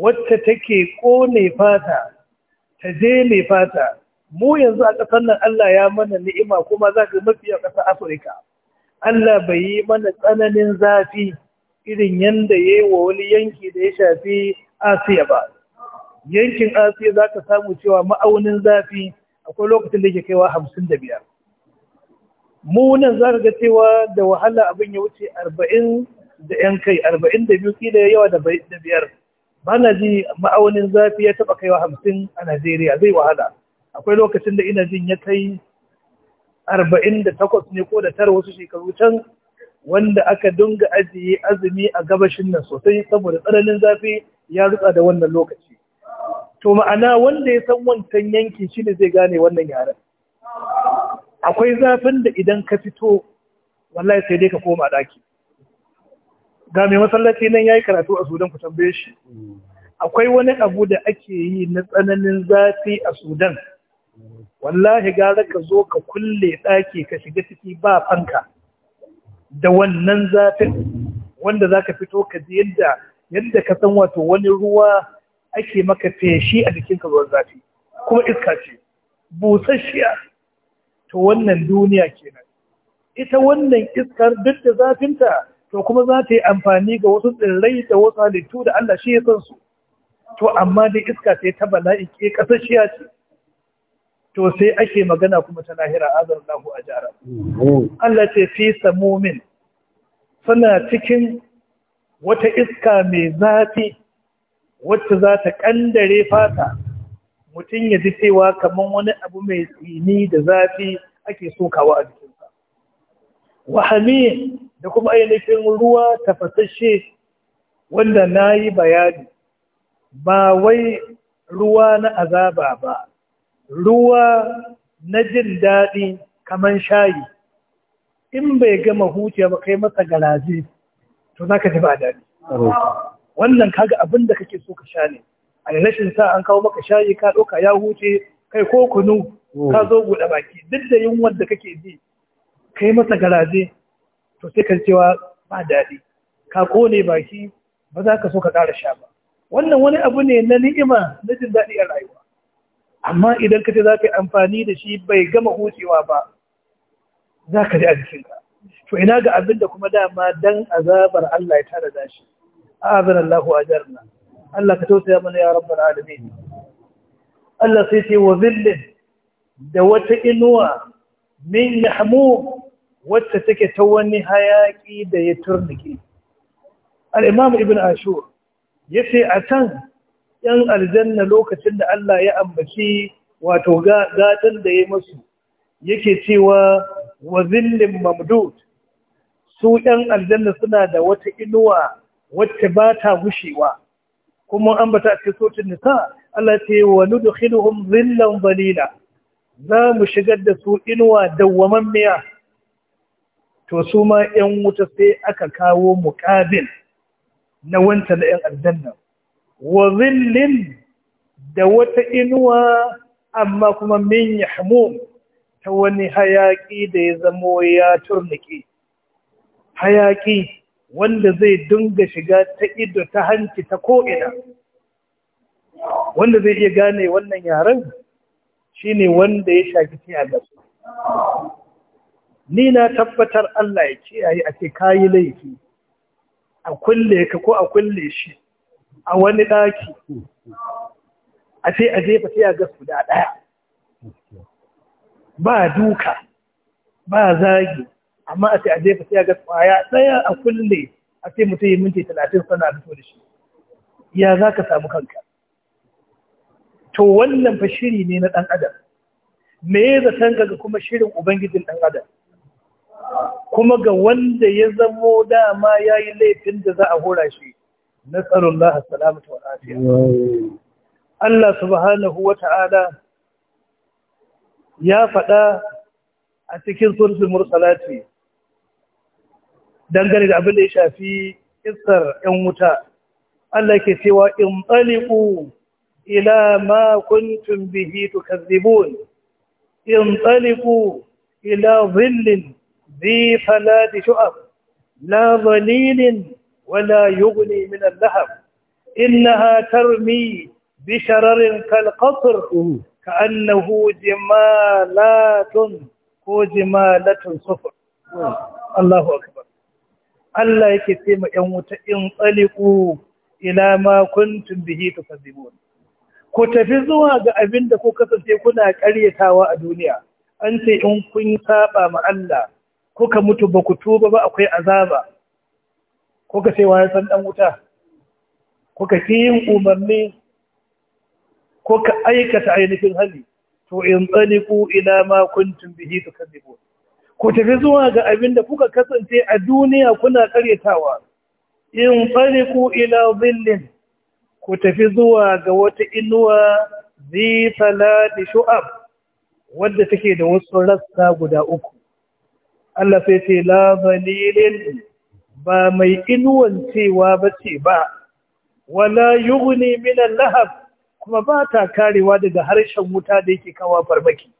wacce take kone fata ta je mai fata mu yanzu a ƙasar nan Allah ya mana ni'ima kuma za ka mafi a ƙasar Afirka Allah bai yi mana tsananin zafi irin yanda yi wa wani yanki da ya shafi Asiya ba yankin Asiya za zaka samu cewa ma'aunin zafi akwai lokacin da ke kaiwa biyar Munan za ka ga cewa da wahala abin ya wuce arba'in da yan kai arba'in da 42 kila yawa da biyar ba na ji ma'aunin zafi ya taba kaiwa hamsin a Najeriya zai wahala akwai lokacin da ina jin ya kai arba'in da takwas ne ko da tara wasu shekaru can wanda aka dunga ajiye azumi a gabashin nan sosai saboda tsananin zafi ya rutsa da wannan lokaci to ma'ana wanda ya san wancan yanki shi ne zai gane wannan yaren akwai zafin da idan ka fito wallahi sai dai ka koma daki ga mai masallaci nan yayi karatu a Sudan ku tambaye shi akwai wani abu da ake yi na tsananin zafi a Sudan wallahi gara ka zo ka kulle ɗaki ka shiga ciki ba fanka da wannan zafin wanda za ka fito ka ji yadda yadda ka san wato wani ruwa ake maka feshi a jikinka ruwan zafi kuma iska ce busasshiya to wannan duniya kenan ita wannan iskar duk da zafinta to kuma za ta yi amfani ga wasu tsirrai da wasu halittu da Allah shi ya san su to amma dai iska ce ta bala'i ke kasashiya ce to sai ake magana kuma ta lahira azar lahu a jara Allah ce fi samomin suna cikin wata iska mai zafi wacce za ta kandare fata mutum ya ji cewa kamar wani abu mai tsini da zafi ake sokawa a jikinsa wahami da kuma ainihin ruwa tafasashe wanda na yi bayani ba wai ruwa na azaba ba ruwa na jin daɗi kamar shayi in bai gama hutiya ba kai masa garaje to za ka ji ba daɗi wannan kaga abin da kake so ka sha ne a rashin sa an kawo maka shayi ka ɗauka ya huce kai ko kunu ka zo buɗe baki duk da yin wanda kake ji kai masa garaje to sai ka cewa ba daɗi ka kone baki ba za ka so ka ƙara sha ba wannan wani abu ne na ni'ima na jin daɗi a rayuwa amma idan ka ce za ka yi amfani da shi bai gama hucewa ba za ka ji a jikinka to ina ga abin da kuma dama dan azabar Allah ya tara da shi a'azana Allahu ajarna Allah ka tausaya mana ya rabbal alamin Allah sai ce wa zillin da wata inuwa min lahmu wacce take ta wani hayaki da ya turnike al-imam ibn ashur yace a can ‘yan aljanna lokacin da Allah ya ambaci wato gatan da ya masu yake cewa wa zillin mamdud su ‘yan aljanna suna da wata inuwa wacce ba ta gushewa kuma an bata a cikin nisa Allah ce wa nudu hinuhun zillan zalila za mu shigar da su inuwa miya to su ma ‘yan wuta sai aka kawo muƙabil na wanta na ‘yan aljanna wa zillin da wata inuwa amma kuma min yahmum ta wani hayaƙi da ya zamo ya turnike hayaƙi wanda zai dinga shiga ta ido ta hanci ta ko'ina wanda zai iya gane wannan yaren shine wanda ya shafi ce a gasu ni na tabbatar Allah ya kiyaye a ce kayi laifi a kulle ka ko a kulle shi a wani ɗaki a sai a jefa sai a ga guda ɗaya ba duka ba zagi amma a sai a jefa sai a ga kwaya ɗaya a kulle a sai mutum yi minti talatin sana fito da shi ya za ka samu kanka to wannan fa shiri ne na ɗan adam me ya zaton ga kuma shirin ubangijin ɗan adam kuma ga wanda ya zamo dama ya yi laifin da za a hura shi nasarullah salamata wa afiya Allah subhanahu wa ta'ala ya faɗa a cikin surfin mursalati dangane da abin da ya shafi isar ‘yan wuta, Allah ke cewa in tsaliku ila ma kuntum bihi tukazzibun in tsaliku ila zillin zi falati shu'ab la zalilin ولا يغني من اللهب إنها ترمي بشرر كالقطر كأنه جمالات ko jimalatun sufur Allahu akbar Allah yake ce ma 'yan wuta in tsaliku ila ma kuntum bihi tukazibun ku tafi zuwa ga abin da ku kasance kuna ƙaryatawa a duniya an ce in kun saɓa ma Allah kuka mutu ba ku tuba ba akwai azaba Ko ka sai ya san ɗan wuta ko ka ki yin umarni ko ka aikata ainihin hali to in tsaniku ila ma kuntum bihi tukadzibun ku tafi zuwa ga abinda kuka kasance a duniya kuna karyatawa in tsaniku ila dhillin ku tafi zuwa ga wata inuwa zi talati shu'ab wadda take da wasu rassa guda uku Allah sai ce la zalilin ba mai inuwan cewa ba ce ba wala yughni minan lahab kuma ba ta karewa daga harshen wuta da yake kawa farmaki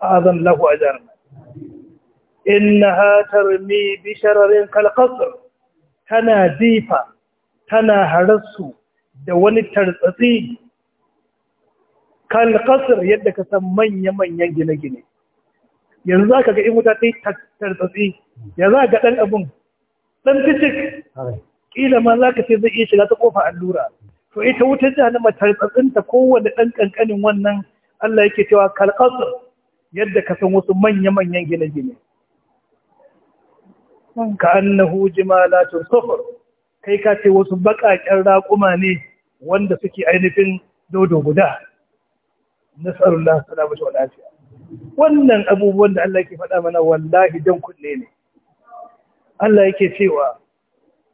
azan lahu na hatar tarmi bi shararin Kalkasar, tana jifa tana harassu da wani tartsatsi Kalkasar yadda ka san manya manyan gine-gine yanzu za ka ga in wuta ta yi tartsatsi ya za ga ɗan abin dan kicik kila ma za ka ce zai iya shiga ta kofa allura to ita wutar jahannama tartsatsinta kowanne ɗan ƙanƙanin wannan Allah yake cewa kalqas yadda ka san wasu manya-manyan gine-gine hmm. ka annahu jimalatun sufur kai ka ce wasu baƙaƙen raƙuma ne wanda suke ainihin dodo guda nasarullah salamu wa lafiya wannan abubuwan da Allah yake faɗa mana wallahi dan kunne ne Allah yake cewa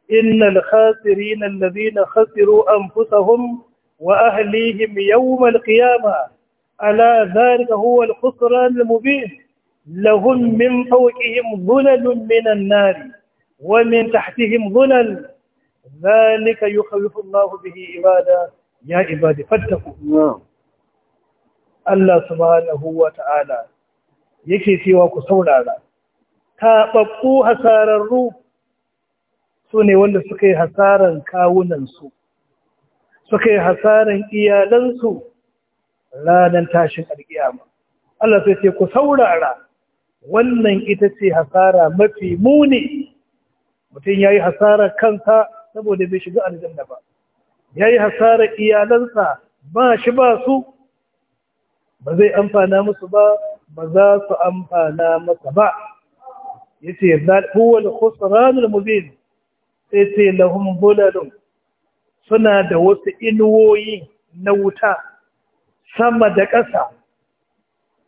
innal khasirina alladhina khasiru anfusahum wa ahlihim yawm alqiyamah ala dhalika huwa alkhusran almubin lahum min fawqihim dhulalun min an wa min tahtihim dhulal dhalika yukhawwifu Allahu bihi ibada ya ibadi fattaku Allah subhanahu wa ta'ala yake cewa ku saurara taɓaɓɓu hasararru su ne wanda suka yi hasaran kawunansu suka yi hasaran iyalansu ranar tashin alƙiyama Allah sai ce ku saurara wannan ita ce hasara mafi muni mutum ya yi hasarar kansa saboda bai shiga aljanna ba ya yi hasarar iyalansa ba shi ba su ba zai amfana musu ba ba za su amfana masa ba yace huwa al-khusran al-mubin yace lahum bulalun suna da wasu inuwoyi na wuta sama da ƙasa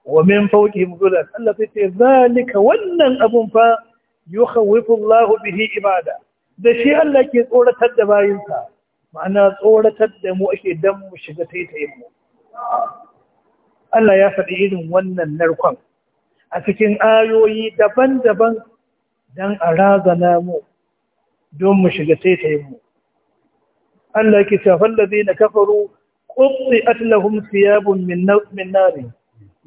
wa min fawqihim zulal Allah zalika wannan abun fa yukhawifu Allah bihi ibada da shi Allah ke tsoratar da bayinsa ma'ana tsoratar da mu ake dan mu shiga taitayin mu Allah ya faɗi irin wannan narkon a cikin ayoyi daban-daban don a razana mu don mu shiga taitayin mu Allah ke shafan da zai na kafaru ƙoƙi atlahun siyabun min nari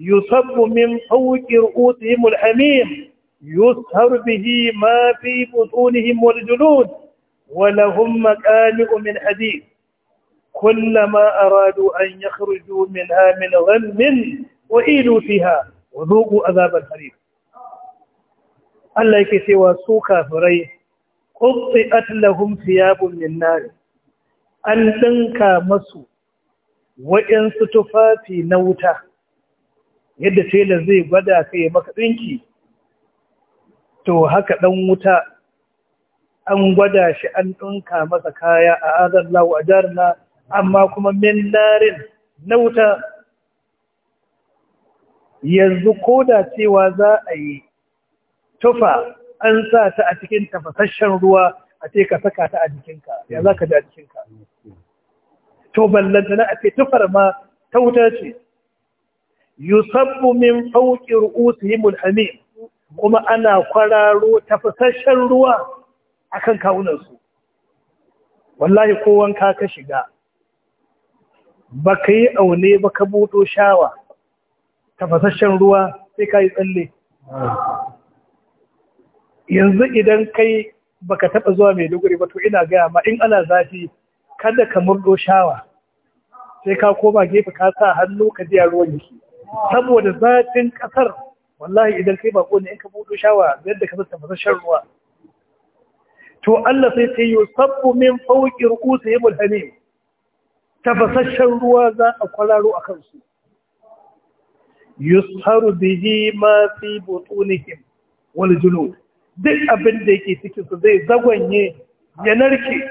yusabbu min fawqi ru'usihim al-hamim yusharu bihi ma fi butunihim wal julud ولهم مكانئ من حديد كلما أرادوا أن يخرجوا منها من غم وإيلوا فيها wa zuqu azabal harim Allah yake cewa su kafirai qutti'at lahum thiyabun min nar an dinka masu waɗansu tufafi na wuta yadda tela zai gwada kai maka ɗinki to haka ɗan wuta an gwada shi an ɗinka masa kaya a azallahu a amma kuma min narin na wuta yanzu ko da cewa za a yi tufa an sa ta a cikin tafasasshen ruwa a ce ka saka ta a jikinka ya za ka ji a jikinka to na a ce tufar ma ta wuta ce yusabbu min fauƙir ru'usihimul mulhami kuma ana kwararo tafasashen ruwa akan kawunansu wallahi kowanka ka shiga baka yi aune ba ka buɗo shawa tafasasshen ruwa sai ka yi tsalle yanzu idan kai baka taɓa zuwa mai maiduguri ba to ina gaya ma in ana zafi kada ka murdo shawa sai ka koma gefe ka sa hannu ka jiya ruwan yake saboda zafin ƙasar wallahi idan kai bako ne in ka murdo shawa yadda ka zata tafasasshen ruwa to Allah sai sai yusabbu min fawqi ya al-hamim tafasasshen ruwa za a kwararo akan su yusharu bihi ma fi butunihim wal junud duk abin da yake cikin su zai zagwanye ya narke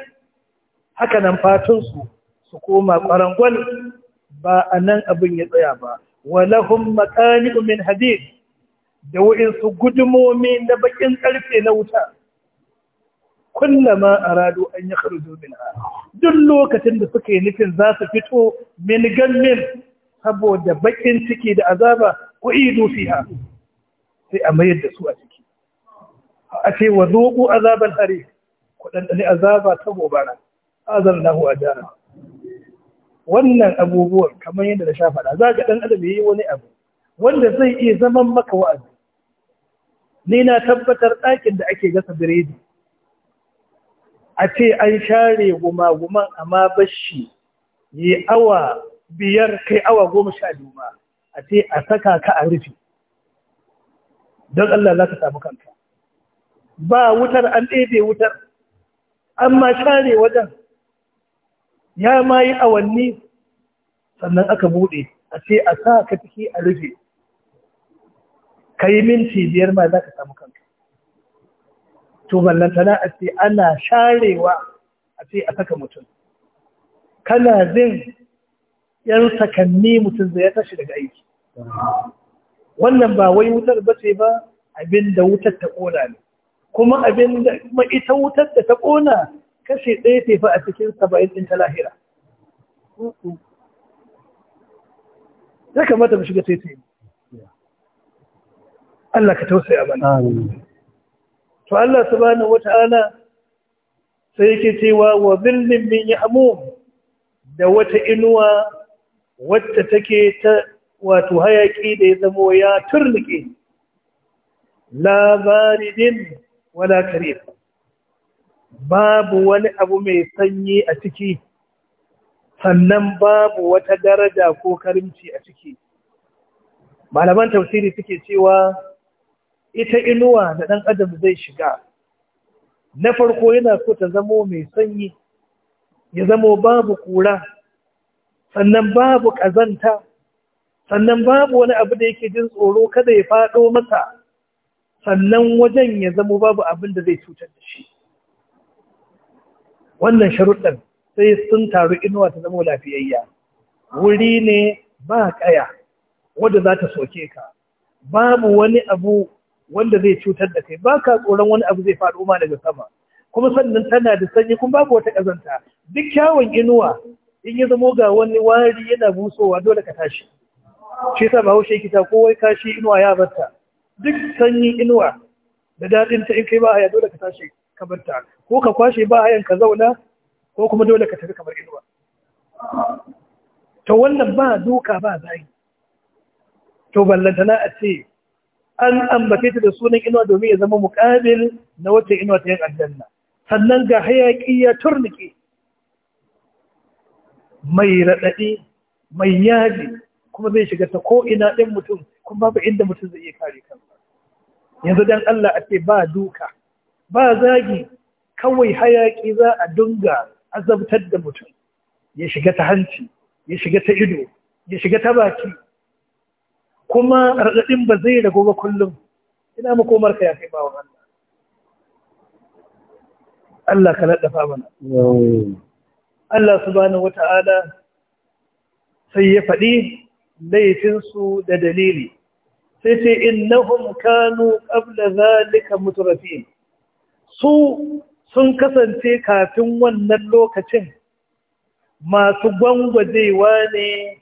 haka nan fatun su su koma kwarangwal ba anan abin ya tsaya ba walahum maqani'u min hadid da su gudumomi na bakin karfe na wuta kullama aradu an yakhruju minha duk lokacin da suka yi nufin za su fito min gammin saboda bakin ciki da azaba ku idu fiha sai a mayar da su a ciki a ce wa zuqu azaban hari ku dan azaba ta gobara azallahu ajara wannan abubuwan kamar yadda na sha faɗa za dan adam ya yi wani abu wanda zai iya zaman maka wa'azi ni na tabbatar ɗakin da ake gasa biredi a ce an share guma-guman amma bashi yi awa biyar kai awa goma sha biyu ba a ce a saka ka a rufe don Allah za ka samu kanka ba wutar an ɗebe wutar amma share wajen ya ma yi awanni sannan aka buɗe a ce a sa ka ciki a rufe ka yi minti biyar ma za ka samu kanka to ballantana a ce ana sharewa a ce a saka mutum kana zin 'yan sakanni mutum zai tashi daga aiki wannan ba wai wutar ba ce ba abin da wutar ta ƙona ne kuma abin da kuma ita wutar da ta ƙona kashe ɗaya tefa a cikin saba'in ɗin ta lahira ya kamata mu shiga taitai Allah ka tausaya mana to Allah subhanahu wata'ala sai yake cewa wa zillin min ya'mum da wata inuwa wacce take ta wato hayaki da ya zamo ya turnike la baridin wala karim babu wani abu mai sanyi a ciki sannan babu wata daraja ko karimci a ciki malaman tafsiri suke cewa ita inuwa da ɗan adam zai shiga na farko yana so ta zamo mai sanyi ya zamo babu kura sannan babu ƙazanta sannan babu wani abu da yake jin tsoro kada ya faɗo masa sannan wajen ya zama babu abin da zai cutar da shi wannan sharuɗin sai sun taru inuwa ta zama lafiyayya wuri ne ba ƙaya wadda za ta soke ka babu wani abu wanda zai cutar da kai ba ka tsoron wani abu zai faɗo ma daga sama kuma sannan tana da sanyi kuma babu wata ƙazanta duk kyawun inuwa in ya zamo ga wani wari yana busowa dole ka tashi shi sa bahaushe kita ta kowai kashi inuwa ya zarta duk sanyi inuwa da daɗin ta in kai ba haya dole ka tashi ka barta ko ka kwashe ba a ka zauna ko kuma dole ka tafi kamar inuwa to wannan ba duka ba zai to ballantana a ce an ambace ta da sunan inuwa domin ya zama muƙabil na wata inuwa ta yin aljanna sannan ga hayaƙi ya turnike mai raɗaɗi mai yaji kuma zai shiga ta ko'ina ɗin mutum kuma babu inda mutum zai iya kare kansa yanzu dan Allah a ce ba duka ba zagi kawai hayaƙi za a dunga azabtar da mutum ya shiga ta hanci ya shiga ta ido ya shiga ta baki kuma raɗaɗin ba zai rago ba kullum ina makomar ka ya kai wa Allah Allah ka fa mana Allah subhanahu wata'ala sai ya faɗi laifinsu da dalili sai ce innahum kanu qabla zalika mutrafin su sun kasance kafin wannan lokacin masu gwangwajewa ne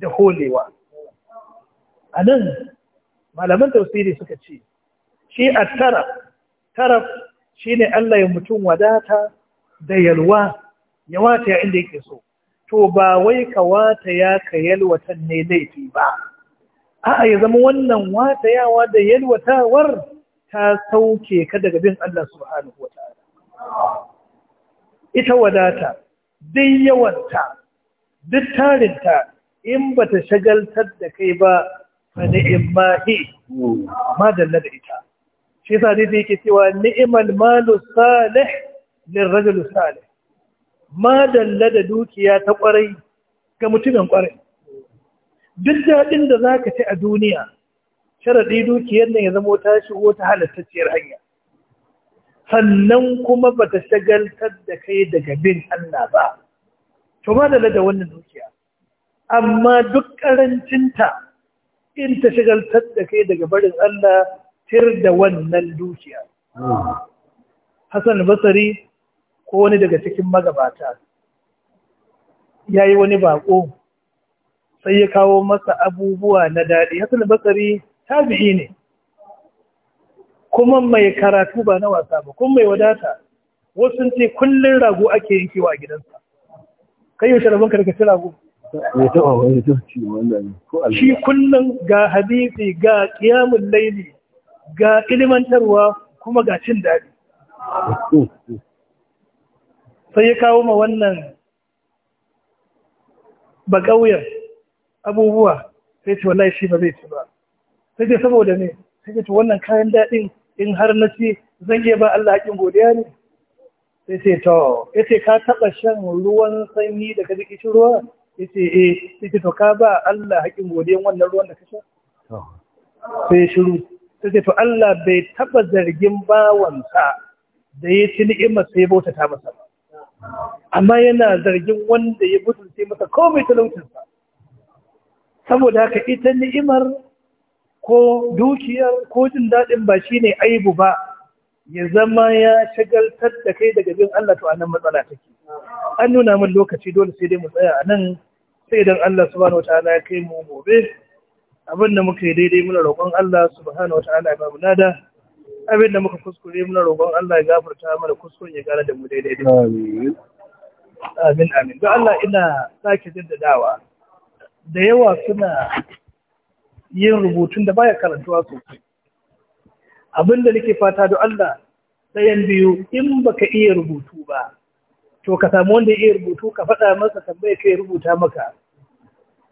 da holewa anan malaman tausiri suka ce shi a taraf taraf shi Allah ya mutum wadata da yalwa ya wata ya inda yake so to ba wai ka wata ya ka yalwatan ne laifi ba a'a ya zama wannan watayawa da yalwatawar ta sauke ka daga bin Allah subhanahu wataala ita wadata duk yawanta duk tarinta in ba ta shagaltar da kai ba fa ni'imma hi ma dalla da ita shi yasa dai yake cewa ni'mal malu salih lirrajul salih madalla da dukiya ta kwarai ga mutumin kwarai duk daɗin da za ka ci a duniya sharaɗi dukiyar nan ya zama ta shigo ta halittacciyar hanya sannan kuma ba ta shagaltar da kai daga bin Allah ba to madalla da wannan dukiya amma duk ƙarancinta in ta shagaltar da kai daga barin Allah tir da wannan dukiya ah. Hassan Basari ko wani daga cikin magabata ya yi wani baƙo, sai ya kawo masa abubuwa na daɗi hasan basari tabi'i ne kuma mai karatu ba na wasa ba kuma mai wadata wasu ce kullum rago ake yankewa a gidansa kai yaushe rabon ka ci rago shi kullum ga hadisi ga kiyamun laili ga ilimantarwa kuma ga cin daɗi oh, oh, oh. sai ya kawo ma wannan ba abubuwa sai ce wallahi shi ba zai ci ba sai ce saboda ne sai ce wannan kayan daɗin in har na ci zan iya ba Allah hakin godiya ne sai ce to ya ce ka taɓa shan ruwan sanyi da ka ruwa ya ce eh sai ce to ka ba Allah hakin godiya wannan ruwan da ka sha sai shiru sai ce to Allah bai taɓa zargin bawansa da ya ci ni'imar sai bauta ta masa ba amma yana zargin wanda ya mutunce masa komai talautinsa saboda haka ita ni'imar ko dukiyar ko jin daɗin ba shi ne aibu ba ya zama ya shagaltar da kai daga bin Allah to anan matsala take an nuna min lokaci dole sai dai mu tsaya anan, nan sai idan Allah subhanahu wataala ya kai mu gobe abinda da muka yi daidai muna roƙon Allah subhanahu wataala ya ba mu nada abin da muka kuskure muna roƙon Allah ya gafarta mana kuskuren ya gara da mu daidai da amin amin don Allah ina sake jaddadawa da yawa suna yin rubutun da baya karantuwa sosai abin da nake fata don Allah sayan biyu in baka iya rubutu ba to ka samu wanda ya iya rubutu ka faɗa masa tambaya kai rubuta maka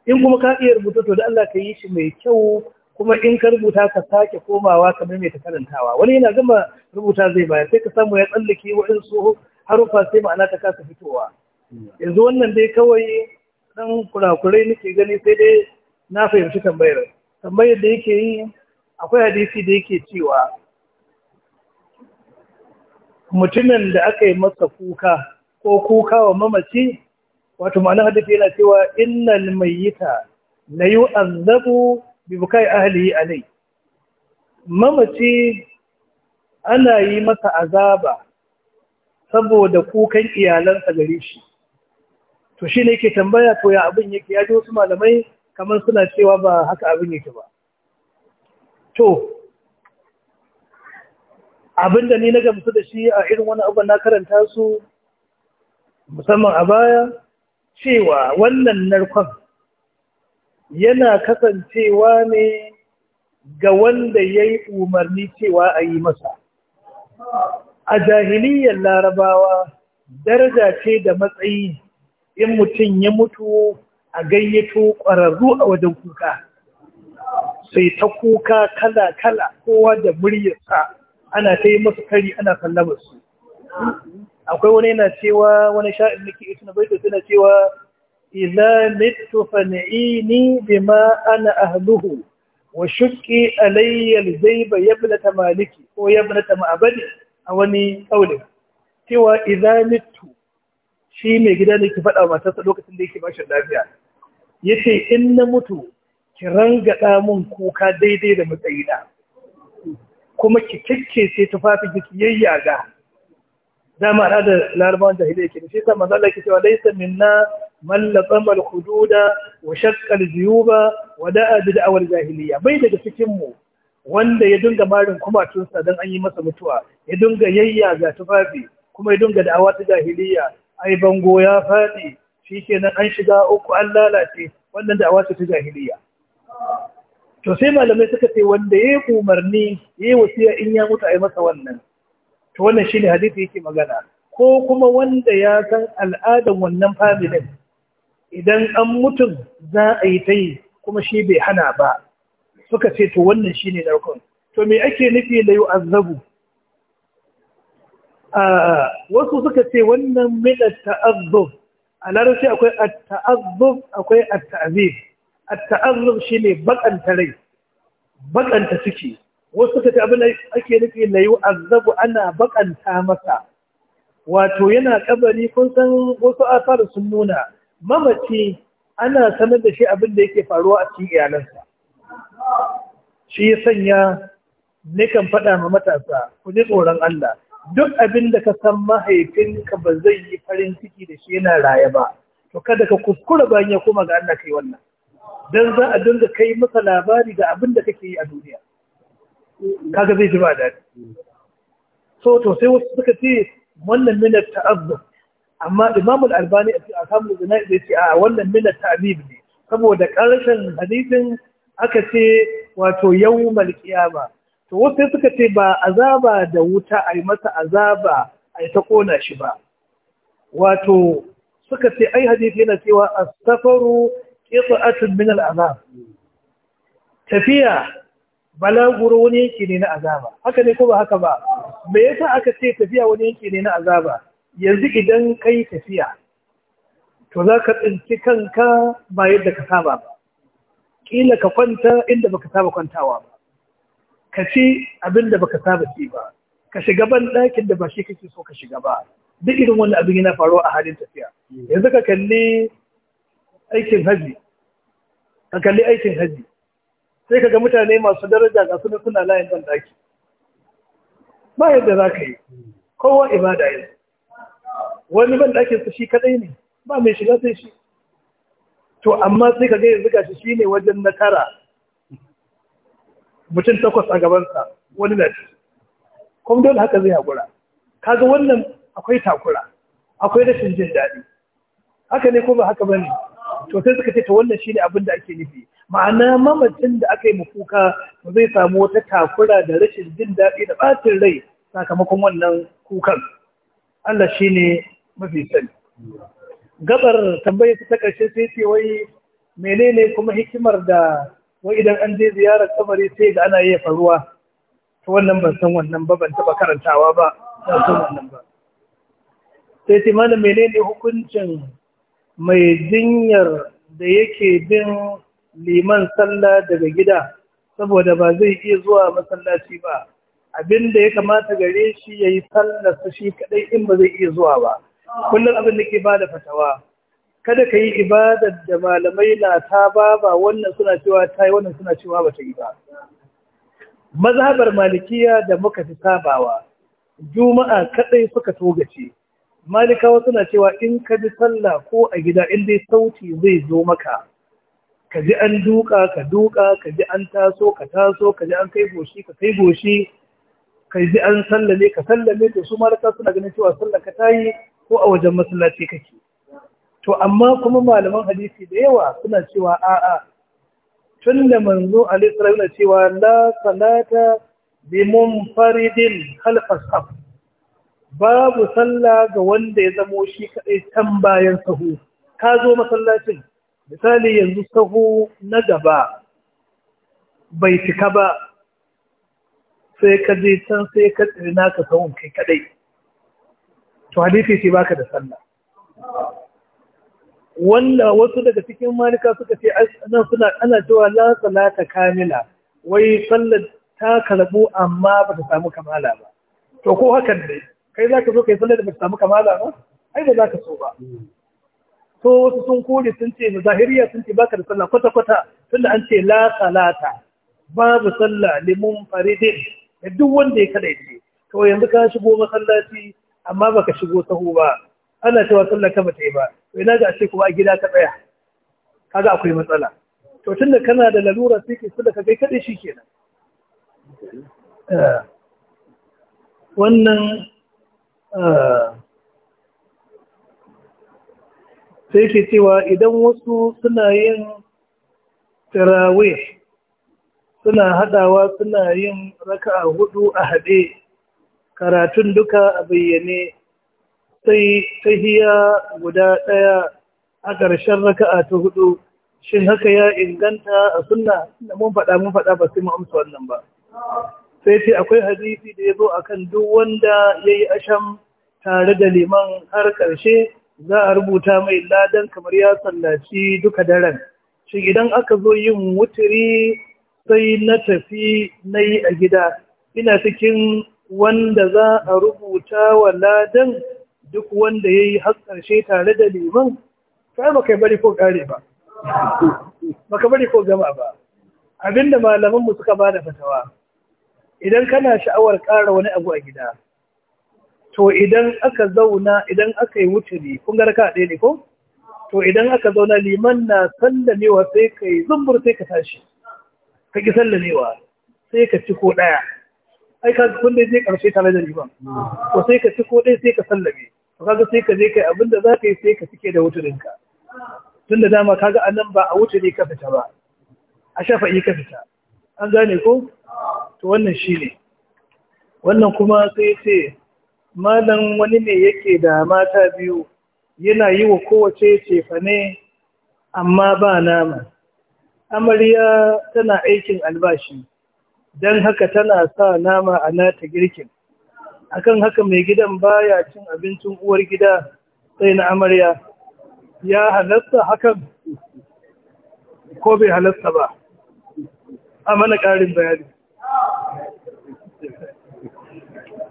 in kuma ka iya rubutu to da Allah ka yi shi mai kyau kuma in ka rubuta ka sake komawa ka maimaita karantawa wani yana gama rubuta zai bayar sai ka samu ya tsallake waɗansu harufa sai ma'ana ta kasa fitowa yanzu wannan dai kawai dan kurakurai nake gani sai dai na fahimci tambayar tambayar da yake yi akwai hadisi da yake cewa mutumin da aka yi masa kuka ko kuka wa mamaci wato ma'ana hadisi yana cewa innal mayyita la yu'azzabu bibukai ahlihi alai mamaci ana yi masa azaba saboda kukan iyalansa gare shi to shi ne ke tambaya to ya abin yake ya ji wasu malamai kamar suna cewa ba haka abin yake ba to abin da ni na gamsu da shi a irin wani abu na karanta su musamman a baya cewa wannan narkon yana kasancewa ne ga wanda ya yi umarni cewa a yi masa a jahiliyar larabawa daraja ce da matsayi in mutum ya mutu a gayyato ƙwararru a wajen kuka sai ta kuka kala-kala kowa da muryarsa ana ta yi masu kari ana sallamarsu. akwai wani yana cewa wani sha'in nake ita na da suna cewa إذا مت فنعيني wa أنا أهله وشكي علي الجيب maliki ko مالكي ويا ابنة معبدي أولي قولي سوى إذا مت shi mai gida ne ki faɗa matarsa lokacin da yake bashin lafiya ya ce in na mutu ki rangaɗa mun kuka daidai da matsayina kuma ki kyakke sai tufafi ki yayyaga dama al'adar larabawan jahiliya ke da shi sa manzo Allah ke cewa laysa minna man lazama al-hududa wa shaqqa al-juyuba wa da'a jahiliya bai daga cikin mu wanda ya dinga marin kumatunsa don an yi masa mutuwa ya dinga yayya ga tufafi kuma ya dinga da'awa ta jahiliya ai bango ya faɗi shikenan an shiga uku an lalace wannan da'awa ta jahiliya to sai malamai suka ce wanda ya yi umarni ya yi wasiya in ya mutu a yi masa wannan to wannan shine hadisi yake magana ko kuma wanda ya san al'adan wannan familin idan an mutum za a yi ta yi kuma shi bai hana ba suka ce to wannan shi ne narkon to me ake nufi da yi azabu wasu suka ce wannan milar ta'azzub a larashi akwai a ta'azzub akwai A ta'azzub shi ne bakanta rai bakanta ciki wasu suka ce abin ake nufi da yi azabu ana bakanta masa wato yana kabari kun san wasu asar sun nuna mamaci ana sanar da shi abin da yake faruwa a cikin iyalansa shi ya sanya nikan faɗa ma matasa ku ji tsoron Allah duk abin da ka san mahaifinka ba zai yi farin ciki da shi yana raya ba to kada ka kuskura bayan ya koma ga Allah kai wannan dan za a dinga kai masa labari ga abin da kake yi a duniya kaga zai ji ba daɗi so to sai wasu suka ce wannan minar ta'azzur amma Imam Al-Albani a samun Zina zai ce a wannan min ta'bib ne saboda ƙarshen hadisin aka ce wato yawmal qiyama to wasu suka ce ba azaba da wuta yi masa azaba a ta kona shi ba wato suka ce ai hadisi yana cewa a safaru qita'atun min minar azab tafiya balaguro wani yanki ne na azaba haka ne ko ba haka ba me yasa aka ce tafiya wani yanki ne na azaba yanzu idan ka yi tafiya to za ka tsinci kanka ba yadda ka saba ba ƙila ka kwanta inda baka saba kwantawa ba ka ci abin da baka saba ci ba ka shiga ban ɗakin da ba shi kake so ka shiga ba duk irin wani abin yana faruwa a halin tafiya yanzu ka kalli aikin haji ka kalli aikin haji sai ka ga mutane masu daraja ga suna suna layin ban ɗaki ba yadda za ka yi kowa ibada yanzu wani ban ake su shi kadai ne ba mai shiga sai shi to amma sai ka ga yanzu gashi shi ne wajen na tara mutum takwas a gabansa wani na ci kuma dole haka zai haƙura kaga wannan akwai takura akwai rashin jin daɗi haka ne ko ba haka ba ne to sai suka ce ta wannan shine abin da ake nufi ma'ana mamacin da aka yi mafuka zai samu wata takura da rashin jin daɗi da ɓacin rai sakamakon wannan kukan Allah shine mafi sani gabar tambayar ta karshe sai ce wai menene kuma hikimar da wai idan an je ziyarar kabari sai da ana iya faruwa ta wannan ban san wannan ba ban taba karantawa ba ban wannan ba sai ce mana menene hukuncin mai jinyar da yake bin liman sallah daga gida saboda ba zai iya zuwa masallaci ba abin da ya kamata gare shi ya yi sallarsa shi kadai in ba zai iya zuwa ba kullum abin da ke ba da fatawa kada ka yi ibadar da malamai na ta ba ba wannan suna cewa ta yi wannan suna cewa ba ta yi ba mazhabar malikiya da muka fi sabawa juma'a kadai suka togace malikawa suna cewa in ka ji sallah ko a gida in dai sauti zai zo maka ka ji an duka ka duka ka ji an taso ka taso ka ji an kai goshi ka kai goshi kai ji an sallame ka sallame to su malaka suna ganin cewa sallar ka tayi ko a wajen masallaci kake to amma kuma malaman hadisi da yawa suna cewa a'a tun da manzo alaihi sallallahu cewa la salata bi munfaridin khalfa saf babu sallah ga wanda ya zamo shi kadai can bayan sahu ka zo masallacin misali yanzu sahu na gaba bai cika ba sai ka je can sai ka tsirna ka sahun kai kadai to hadisi ce baka da sallah wanda wasu daga cikin malika suka ce nan suna ana cewa la salata kamila wai sallar ta karbu amma ba ta samu kamala ba to ko hakan ne kai za ka zo kai sallar da ba ta samu kamala ba ai ba za ka so ba to wasu sun kore sun ce zahiriya sun ce baka da sallah kwata kwata tunda an ce la salata babu sallah limun faridin da duk wanda ya kada ce kawai yanzu ka shigo masallaci amma baka shigo taho ba ana cewa sallar ka bata yi ba to ina ga ce kuma a gida ka tsaya kaga akwai matsala to tunda kana da lalura sai ke sallar ka kai kada shi kenan eh. wannan eh. sai ke cewa idan wasu suna yin tarawih suna haɗawa suna yin raka'a hudu a haɗe karatun duka a bayyane sai tahiya guda ɗaya a ƙarshen raka'a ta hudu shin haka ya inganta a suna? da mun faɗa mun faɗa ba sai mu amsa wannan ba sai ce akwai hadisi da ya zo akan duk wanda ya yi asham tare da liman har ƙarshe za a rubuta mai ladan kamar ya sallaci duka daren shi idan aka zo yin wuturi sai na tafi na yi a gida ina cikin wanda za a rubuta wa ladan duk wanda ya yi ƙarshe tare da liman kai ba bari ko kare ba bari ko gama ba abinda malamanmu suka ba da fatawa idan kana sha'awar ƙara wani abu a gida to idan aka zauna idan aka yi wuturi kun ga ka ɗaya ne ko to idan aka zauna liman na sallamewa sai kai zumbur sai ka tashi ka ki wa sai ka ci ko ɗaya ai ka kun dai zai karshe tare da riban ko sai ka ci ko ɗaya sai ka sallame to kaga sai ka je kai abin da za ka yi sai ka cike da wuturinka tun da dama kaga anan ba a ne ka fita ba a yi ka fita an gane ko to wannan shine wannan kuma sai ce malam wani ne yake da mata biyu yana yi wa kowace cefane amma ba nama amarya tana aikin albashi don haka tana sa nama a nata girkin akan haka mai gidan baya cin abincin uwar gida sai na amarya ya halatta hakan ko bai halatta ba a mana ƙarin bayani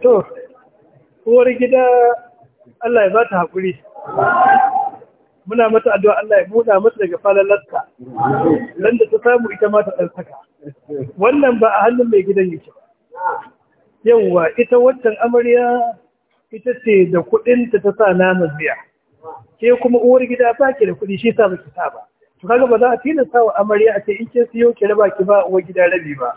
to uwar gida Allah ya ba ta haƙuri muna mata addu'a Allah ya muna mata daga laska, nan da ta samu ita ma ta ɗan wannan ba a hannun mai gidan yake ba yawwa ita waccan amarya ita ce da kuɗinta ta sa nama biya ke kuma uwar gida ba ke da kuɗi shi sa baki sa ba to kaga ba za a tilasta wa amarya a ce in kin siyo ki raba ki ba uwar gida rabi ba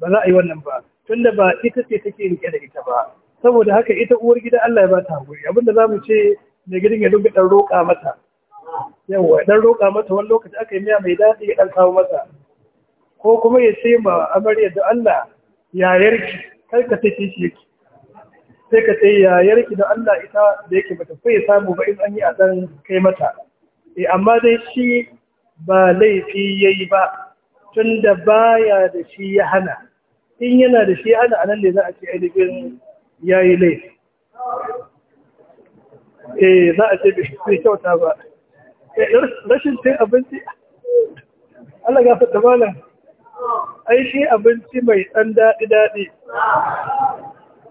ba za a yi wannan ba tunda ba ita ce take rike da ita ba saboda haka ita uwar gida Allah ya ba ta hankuri abinda zamu ce mai gidan ya dinga dan roƙa mata yawa dan roƙa mata wani lokaci aka yi miya mai daɗi ya ɗan kawo mata. ko kuma ya ce ma amarya da Allah yayarki kai ka sai shi yake sai ka sai yayarki da Allah ita da yake bata sai samu ba in an yi a dan kai mata E, amma dai shi ba laifi yayi ba tunda baya da shi ya hana in yana da shi hana anan ne za a ce ainihin yayi laifi eh za a ce bai kyauta ba rashin cin abinci Allah ga fata malam ai shi abinci mai ɗan daɗi daɗi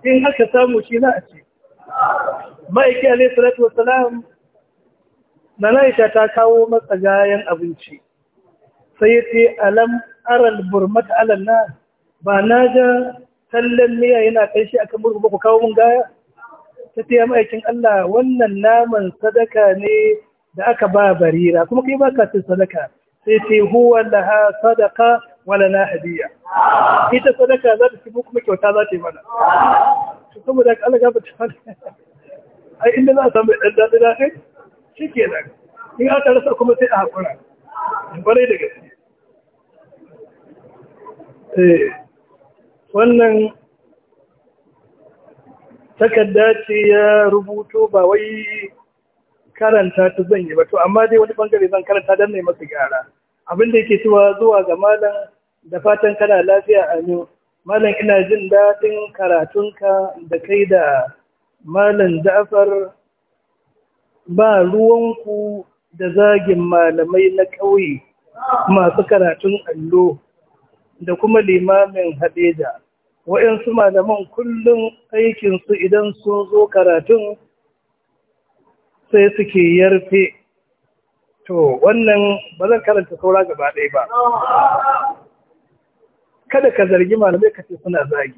in aka samu shi za a ce ma'aiki alayhi salatu wassalam na laisha ta kawo matsagayen abinci sai ya ce alam aral burmat alal na ba na ga tallan miya yana kai shi akan murgu ba ku kawo mun gaya ta ce ma'aikin Allah wannan naman sadaka ne da aka ba barira kuma kai baka cin sadaka sai ce huwa laha sadaqa, wala la hadiya ita sadaka za ta ci kuma kyauta za ta yi mana to saboda ka Allah gaba ta ai inda za a samu dan dadi da kai shikenan in aka rasa kuma sai a hakura bare da gaske eh wannan takaddaci ya rubuto ba wai karanta ta zan yi ba to amma dai wani bangare zan karanta dan ne masa gyara abin da yake cewa zuwa ga malam da fatan kana lafiya a amin malam ina jin daɗin karatunka da kai da malam Ja'far ba ruwanku da zagin malamai na ƙauye masu karatun allo da kuma limamin hadeja wa'yansu malaman kullum aikinsu idan sun zo karatun sai suke yarfe to wannan ba zan karanta saura gaba ɗaya ba kada ka zargi malamai ka ce suna zagi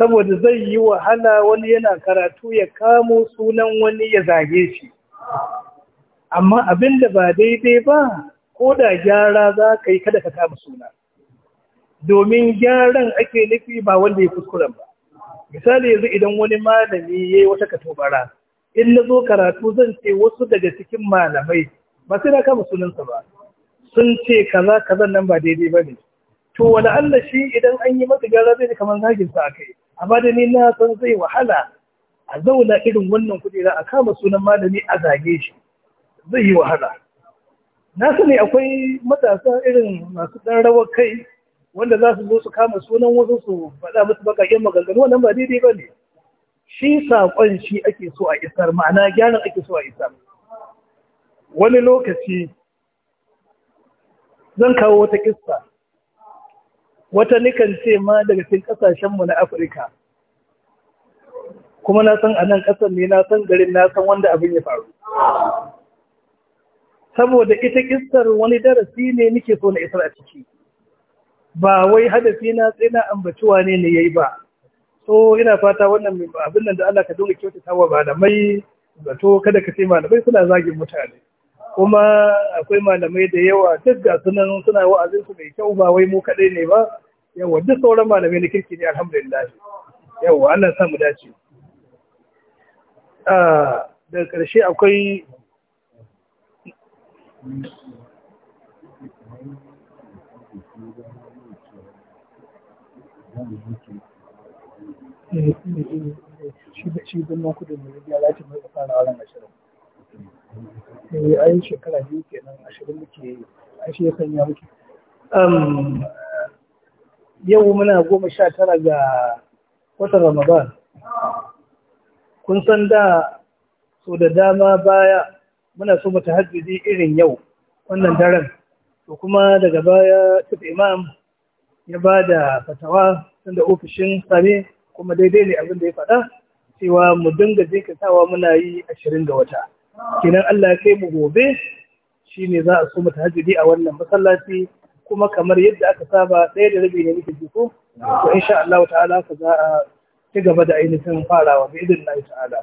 saboda zai yi wahala wani yana karatu ya kamo sunan wani ya zage shi amma abin da ba daidai ba ko da gyara za ka yi kada ka kama suna domin gyaran ake nufi ba wanda ya kuskuren ba misali yanzu idan wani malami ya yi wata katobara in na zo karatu zan ce wasu daga cikin malamai ba sai na kama sunansa ba sun ce kaza kaza nan ba daidai ba ne to wani Allah shi idan an yi masa gyara zai kamar zagin sa kai? amma da ni na san zai wahala a zauna irin wannan na a kama sunan malami a zage shi zai yi wahala na sani akwai matasa irin masu ɗan rawar kai wanda za su zo su kama sunan wasu su faɗa musu baƙaƙen maganganu wannan ba daidai ba ne shi saƙon shi ake so a isar ma'ana gyaran ake so a isar wani lokaci zan kawo wata kista wata nikan ce ma daga cikin ƙasashenmu na afirka kuma na san a nan ƙasar ne na san garin na san wanda abin ya faru saboda ita kistar wani darasi ne nike so na isar a ciki ba wai hadafi na tsina ambaci wane ne yayi ba so ina fata wannan abin nan da Allah ka dinga kyautata wa malamai zato kada ka ce malamai suna zagin mutane kuma akwai malamai da yawa duk ga sunan suna wa'azin su mai kyau ba wai mu kadai ne ba yawa duk sauran malamai na kirki ne alhamdulillah yawa Allah sa mu dace a ah, daga ƙarshe akwai Thank shi birnin kudu mai rijiya za ta mai fara wannan ashirin eh ai shekara biyu kenan ashirin muke ai shi ya sanya muke yau muna goma sha tara ga watan ramadan kun san da so da dama baya muna so mu tahajjudi irin yau wannan daren to kuma daga baya tafi imam ya ba da fatawa tunda ofishin same kuma daidai ne abin da ya faɗa cewa mu dinga jinkatawa muna yi ashirin ga wata kenan Allah ya kai mu gobe shine za a so mu tahajjudi a wannan masallaci kuma kamar yadda aka saba ɗaya da rabi ne muke jiko to insha Allah ta'ala ka za a ci gaba da ainihin farawa bi idin Allah ta'ala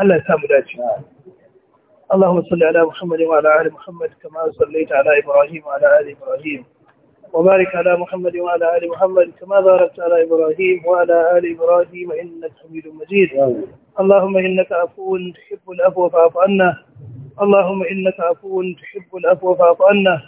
Allah ya samu dace ala Muhammad wa ala ali Muhammad kama sallaita ala Ibrahim wa ala ali Ibrahim. وبارك على محمد وعلى آل محمد كما باركت على إبراهيم وعلى آل إبراهيم إنك حميد مجيد اللهم إنك عفو تحب العفو فاعف عنا اللهم إنك عفو تحب العفو فاعف عنا